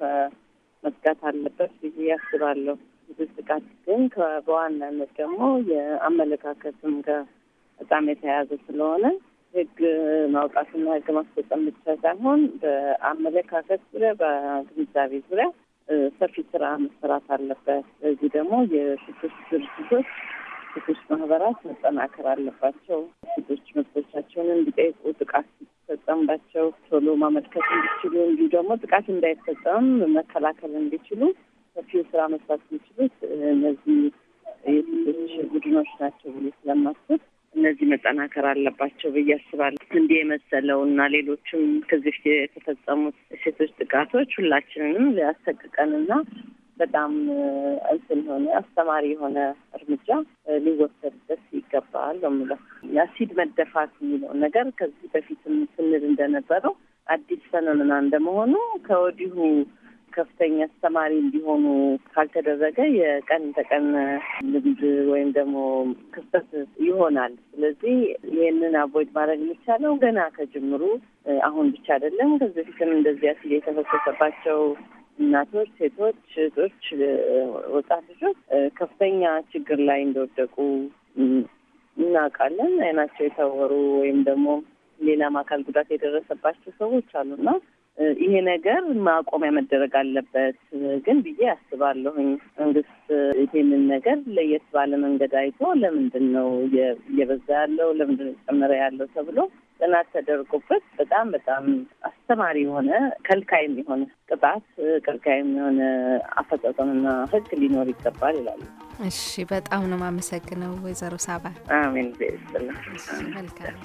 መዝጋት አለበት ብዬ ያስባለሁ። ብዙ ጥቃት ግን በዋናነት ደግሞ የአመለካከትም ጋር በጣም የተያያዘ ስለሆነ ህግ ማውጣትና ህግ ማስፈጸም ብቻ ሳይሆን በአመለካከት ዙሪያ፣ በግንዛቤ ዙሪያ ሰፊ ስራ መሰራት አለበት። እዚህ ደግሞ የሴቶች ድርጅቶች ሴቶች ማህበራት መጠናከር አለባቸው። ሴቶች መብቶቻቸውን እንዲጠይቁ፣ ጥቃት ሲፈጸምባቸው ቶሎ ማመልከት እንዲችሉ፣ እንዲሁ ደግሞ ጥቃት እንዳይፈጸምም መከላከል እንዲችሉ ሰፊው ስራ መስራት የሚችሉት እነዚህ የሴቶች ቡድኖች ናቸው ብሎ ስለማስብ እነዚህ መጠናከር አለባቸው ብዬ አስባለሁ። እንዲህ የመሰለው እና ሌሎችም ከዚህ በፊት የተፈጸሙት ሴቶች ጥቃቶች ሁላችንንም ሊያሰቅቀን ሊያሰቅቀንና በጣም እንትን የሆነ አስተማሪ የሆነ እርምጃ ሊወሰድበት ይገባል ነው የአሲድ መደፋት የሚለው ነገር ከዚህ በፊትም ስንል እንደነበረው አዲስ ፈኖምና እንደመሆኑ ከወዲሁ ከፍተኛ አስተማሪ እንዲሆኑ ካልተደረገ የቀን ተቀን ልምድ ወይም ደግሞ ክፍተት ይሆናል። ስለዚህ ይህንን አቮይድ ማድረግ የሚቻለው ገና ከጅምሩ አሁን ብቻ አይደለም። ከዚህ በፊትም እንደዚህ አሲድ የተፈሰሰባቸው እናቶች፣ ሴቶች፣ እህቶች፣ ወጣት ልጆች ከፍተኛ ችግር ላይ እንደወደቁ እናውቃለን። አይናቸው የታወሩ ወይም ደግሞ ሌላም አካል ጉዳት የደረሰባቸው ሰዎች አሉና ይሄ ነገር ማቆሚያ መደረግ አለበት ግን ብዬ አስባለሁኝ። መንግስት ይሄንን ነገር ለየት ባለ መንገድ አይቶ ለምንድን ነው እየበዛ ያለው ለምንድን ነው እየጨመረ ያለው ተብሎ ጥናት ተደርጎበት በጣም በጣም አስተማሪ የሆነ ከልካይም የሆነ ቅጣት ከልካይም የሆነ አፈጻጸምና ህግ ሊኖር ይገባል ይላሉ። እሺ፣ በጣም ነው የማመሰግነው ወይዘሮ ሳባ። አሜን። መልካም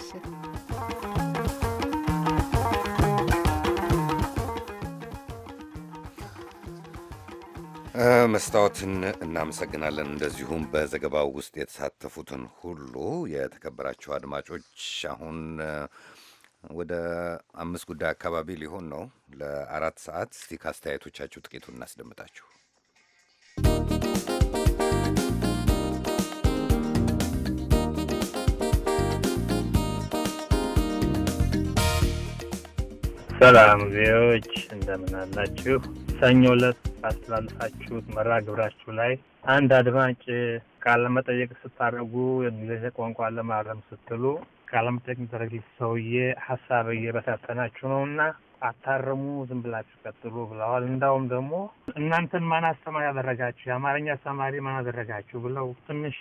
መስታወትን እናመሰግናለን። እንደዚሁም በዘገባው ውስጥ የተሳተፉትን ሁሉ የተከበራቸው አድማጮች፣ አሁን ወደ አምስት ጉዳይ አካባቢ ሊሆን ነው ለአራት ሰዓት። እስቲ ከአስተያየቶቻችሁ ጥቂቱን እናስደምጣችሁ። ሰላም ዜዎች እንደምን አላችሁ? ሰኞ ዕለት ባስተላለፋችሁት መራ ግብራችሁ ላይ አንድ አድማጭ ቃለመጠየቅ ስታደርጉ የእንግሊዝ ቋንቋ ለማረም ስትሉ ቃለመጠየቅ የሚደረግልሽ ሰውዬ ሀሳብ እየበታተናችሁ ነው እና አታርሙ፣ ዝም ብላችሁ ቀጥሉ ብለዋል። እንዳውም ደግሞ እናንተን ማን አስተማሪ ያደረጋችሁ? የአማርኛ አስተማሪ ማን አደረጋችሁ? ብለው ትንሽ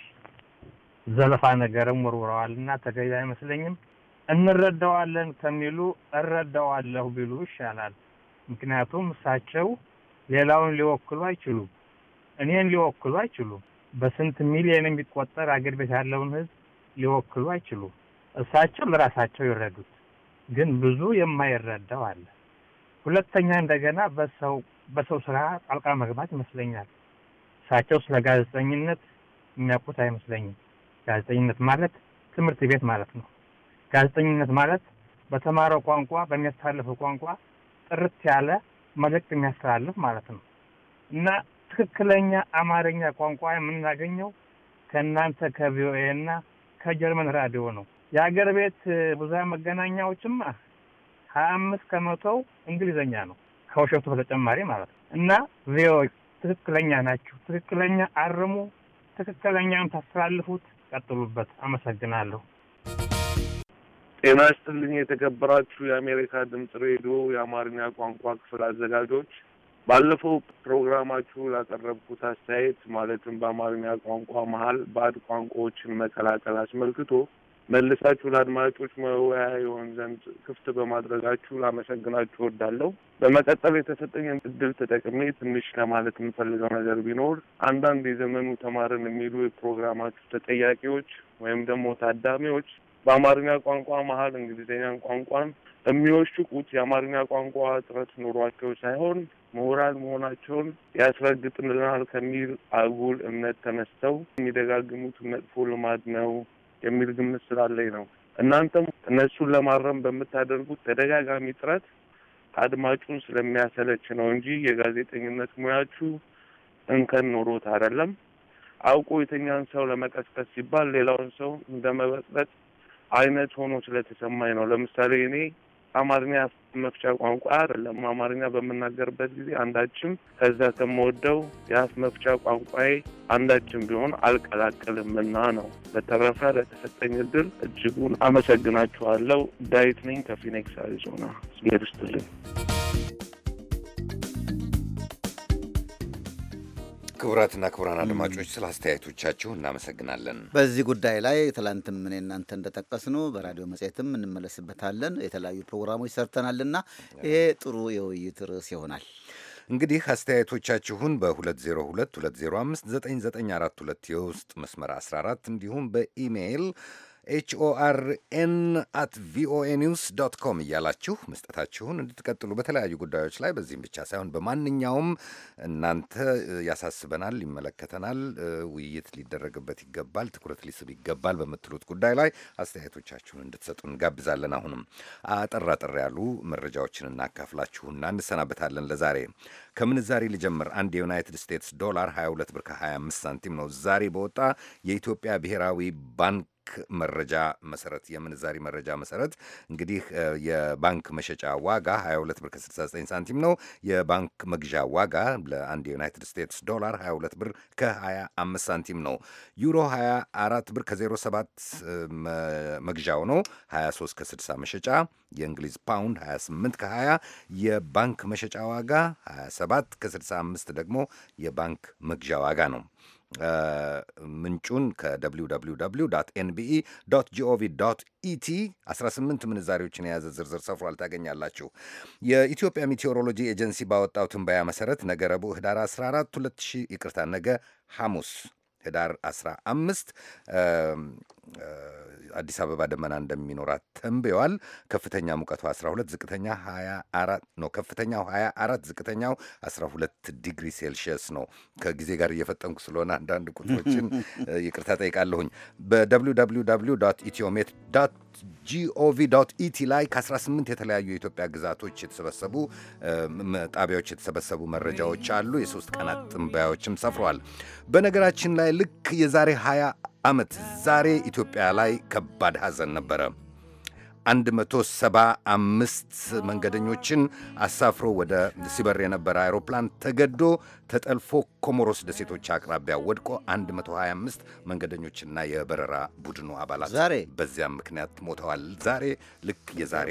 ዘለፋ ነገርም ወርውረዋል እና ተገቢ አይመስለኝም። እንረዳዋለን ከሚሉ እረዳዋለሁ ቢሉ ይሻላል። ምክንያቱም እሳቸው ሌላውን ሊወክሉ አይችሉም። እኔን ሊወክሉ አይችሉም። በስንት ሚሊዮን የሚቆጠር አገር ቤት ያለውን ህዝብ ሊወክሉ አይችሉም። እሳቸው ለራሳቸው ይረዱት፣ ግን ብዙ የማይረዳው አለ። ሁለተኛ እንደገና በሰው በሰው ስራ ጣልቃ መግባት ይመስለኛል። እሳቸው ስለ ጋዜጠኝነት የሚያውቁት አይመስለኝም። ጋዜጠኝነት ማለት ትምህርት ቤት ማለት ነው። ጋዜጠኝነት ማለት በተማረው ቋንቋ በሚያሳልፈው ቋንቋ ጥርት ያለ መልእክት የሚያስተላልፍ ማለት ነው እና ትክክለኛ አማርኛ ቋንቋ የምናገኘው ከእናንተ ከቪኦኤ እና ከጀርመን ራዲዮ ነው። የሀገር ቤት ብዙሃን መገናኛዎችማ ሀያ አምስት ከመቶው እንግሊዘኛ ነው ከውሸቱ በተጨማሪ ማለት ነው እና ቪኦኤ ትክክለኛ ናችሁ። ትክክለኛ አርሙ፣ ትክክለኛም ታስተላልፉት። ቀጥሉበት። አመሰግናለሁ። ጤና ይስጥልኝ የተከበራችሁ የአሜሪካ ድምፅ ሬዲዮ የአማርኛ ቋንቋ ክፍል አዘጋጆች፣ ባለፈው ፕሮግራማችሁ ላቀረብኩት አስተያየት ማለትም በአማርኛ ቋንቋ መሀል ባዕድ ቋንቋዎችን መቀላቀል አስመልክቶ መልሳችሁ ለአድማጮች መወያ የሆን ዘንድ ክፍት በማድረጋችሁ ላመሰግናችሁ እወዳለሁ። በመቀጠል የተሰጠኝ እድል ተጠቅሜ ትንሽ ለማለት የምፈልገው ነገር ቢኖር አንዳንድ የዘመኑ ተማርን የሚሉ የፕሮግራማችሁ ተጠያቂዎች ወይም ደግሞ ታዳሚዎች በአማርኛ ቋንቋ መሀል እንግሊዝኛን ቋንቋን የሚወሽቁት የአማርኛ ቋንቋ እጥረት ኑሯቸው ሳይሆን ምሁራን መሆናቸውን ያስረግጥልናል ከሚል አጉል እምነት ተነስተው የሚደጋግሙት መጥፎ ልማድ ነው የሚል ግምት ስላለኝ ነው። እናንተም እነሱን ለማረም በምታደርጉት ተደጋጋሚ ጥረት አድማጩን ስለሚያሰለች ነው እንጂ የጋዜጠኝነት ሙያችሁ እንከን ኖሮት አይደለም። አውቆ የተኛን ሰው ለመቀስቀስ ሲባል ሌላውን ሰው እንደ መበጥበጥ አይነት ሆኖ ስለተሰማኝ ነው። ለምሳሌ እኔ አማርኛ መፍቻ ቋንቋ አይደለም። አማርኛ በምናገርበት ጊዜ አንዳችም ከዛ ከምወደው የአፍ መፍቻ ቋንቋዬ አንዳችም ቢሆን አልቀላቀልምና ነው። በተረፈ ለተሰጠኝ እድል እጅጉን አመሰግናችኋለሁ። ዳዊት ነኝ ከፊኒክስ አሪዞና። ስሜር ክቡራትና ክቡራን አድማጮች ስለ አስተያየቶቻችሁ እናመሰግናለን። በዚህ ጉዳይ ላይ ትላንትም እኔ እናንተ እንደጠቀስነው በራዲዮ መጽሔትም እንመለስበታለን። የተለያዩ ፕሮግራሞች ሰርተናልና ይሄ ጥሩ የውይይት ርዕስ ይሆናል። እንግዲህ አስተያየቶቻችሁን በ2022059942 የውስጥ መስመር 14 እንዲሁም በኢሜይል ኤችኦአርኤን አት ቪኦኤ ኒውስ ዶት ኮም እያላችሁ መስጠታችሁን እንድትቀጥሉ በተለያዩ ጉዳዮች ላይ በዚህም ብቻ ሳይሆን በማንኛውም እናንተ ያሳስበናል፣ ይመለከተናል፣ ውይይት ሊደረግበት ይገባል፣ ትኩረት ሊስብ ይገባል በምትሉት ጉዳይ ላይ አስተያየቶቻችሁን እንድትሰጡ እንጋብዛለን። አሁንም አጠር አጠር ያሉ መረጃዎችን እናካፍላችሁና እንሰናበታለን። ለዛሬ ከምንዛሬ ልጀምር። አንድ የዩናይትድ ስቴትስ ዶላር 22 ብር ከ25 ሳንቲም ነው። ዛሬ በወጣ የኢትዮጵያ ብሔራዊ ባንክ መረጃ መሰረት የምንዛሪ መረጃ መሰረት እንግዲህ የባንክ መሸጫ ዋጋ 22 ብር ከ69 ሳንቲም ነው። የባንክ መግዣ ዋጋ ለአንድ የዩናይትድ ስቴትስ ዶላር 22 ብር ከ25 ሳንቲም ነው። ዩሮ 24 ብር ከ07 መግዣው ነው። 23 ከ60 መሸጫ የእንግሊዝ ፓውንድ 28 ከ20 የባንክ መሸጫ ዋጋ 27 ከ65 ደግሞ የባንክ መግዣ ዋጋ ነው። ምንጩን ከwww ኤንቢኢ ጂኦቪ ኢቲ 18 ምንዛሬዎችን የያዘ ዝርዝር ሰፍሯል። ታገኛላችሁ። የኢትዮጵያ ሚቴዎሮሎጂ ኤጀንሲ ባወጣው ትንበያ መሰረት ነገ ረቡዕ ህዳር 14 2000 ይቅርታ ነገ ሐሙስ ህዳር 15 አዲስ አበባ ደመና እንደሚኖራት ተንብየዋል። ከፍተኛ ሙቀቱ 12፣ ዝቅተኛ 24 ነው። ከፍተኛው 24፣ ዝቅተኛው 12 ዲግሪ ሴልሺየስ ነው። ከጊዜ ጋር እየፈጠንኩ ስለሆነ አንዳንድ ቁጥሮችን ይቅርታ ጠይቃለሁኝ። በwww ኢትዮሜት ጂኦቪ ዶት ኢቲ ላይ ከ18 የተለያዩ የኢትዮጵያ ግዛቶች የተሰበሰቡ ጣቢያዎች የተሰበሰቡ መረጃዎች አሉ። የሶስት ቀናት ጥንባያዎችም ሰፍረዋል። በነገራችን ላይ ልክ የዛሬ 20 ዓመት ዛሬ ኢትዮጵያ ላይ ከባድ ሐዘን ነበረ። 175 መንገደኞችን አሳፍሮ ወደ ሲበር የነበረ አይሮፕላን ተገዶ ተጠልፎ ኮሞሮስ ደሴቶች አቅራቢያ ወድቆ 125 መንገደኞችና የበረራ ቡድኑ አባላት ዛሬ በዚያም ምክንያት ሞተዋል። ዛሬ ልክ የዛሬ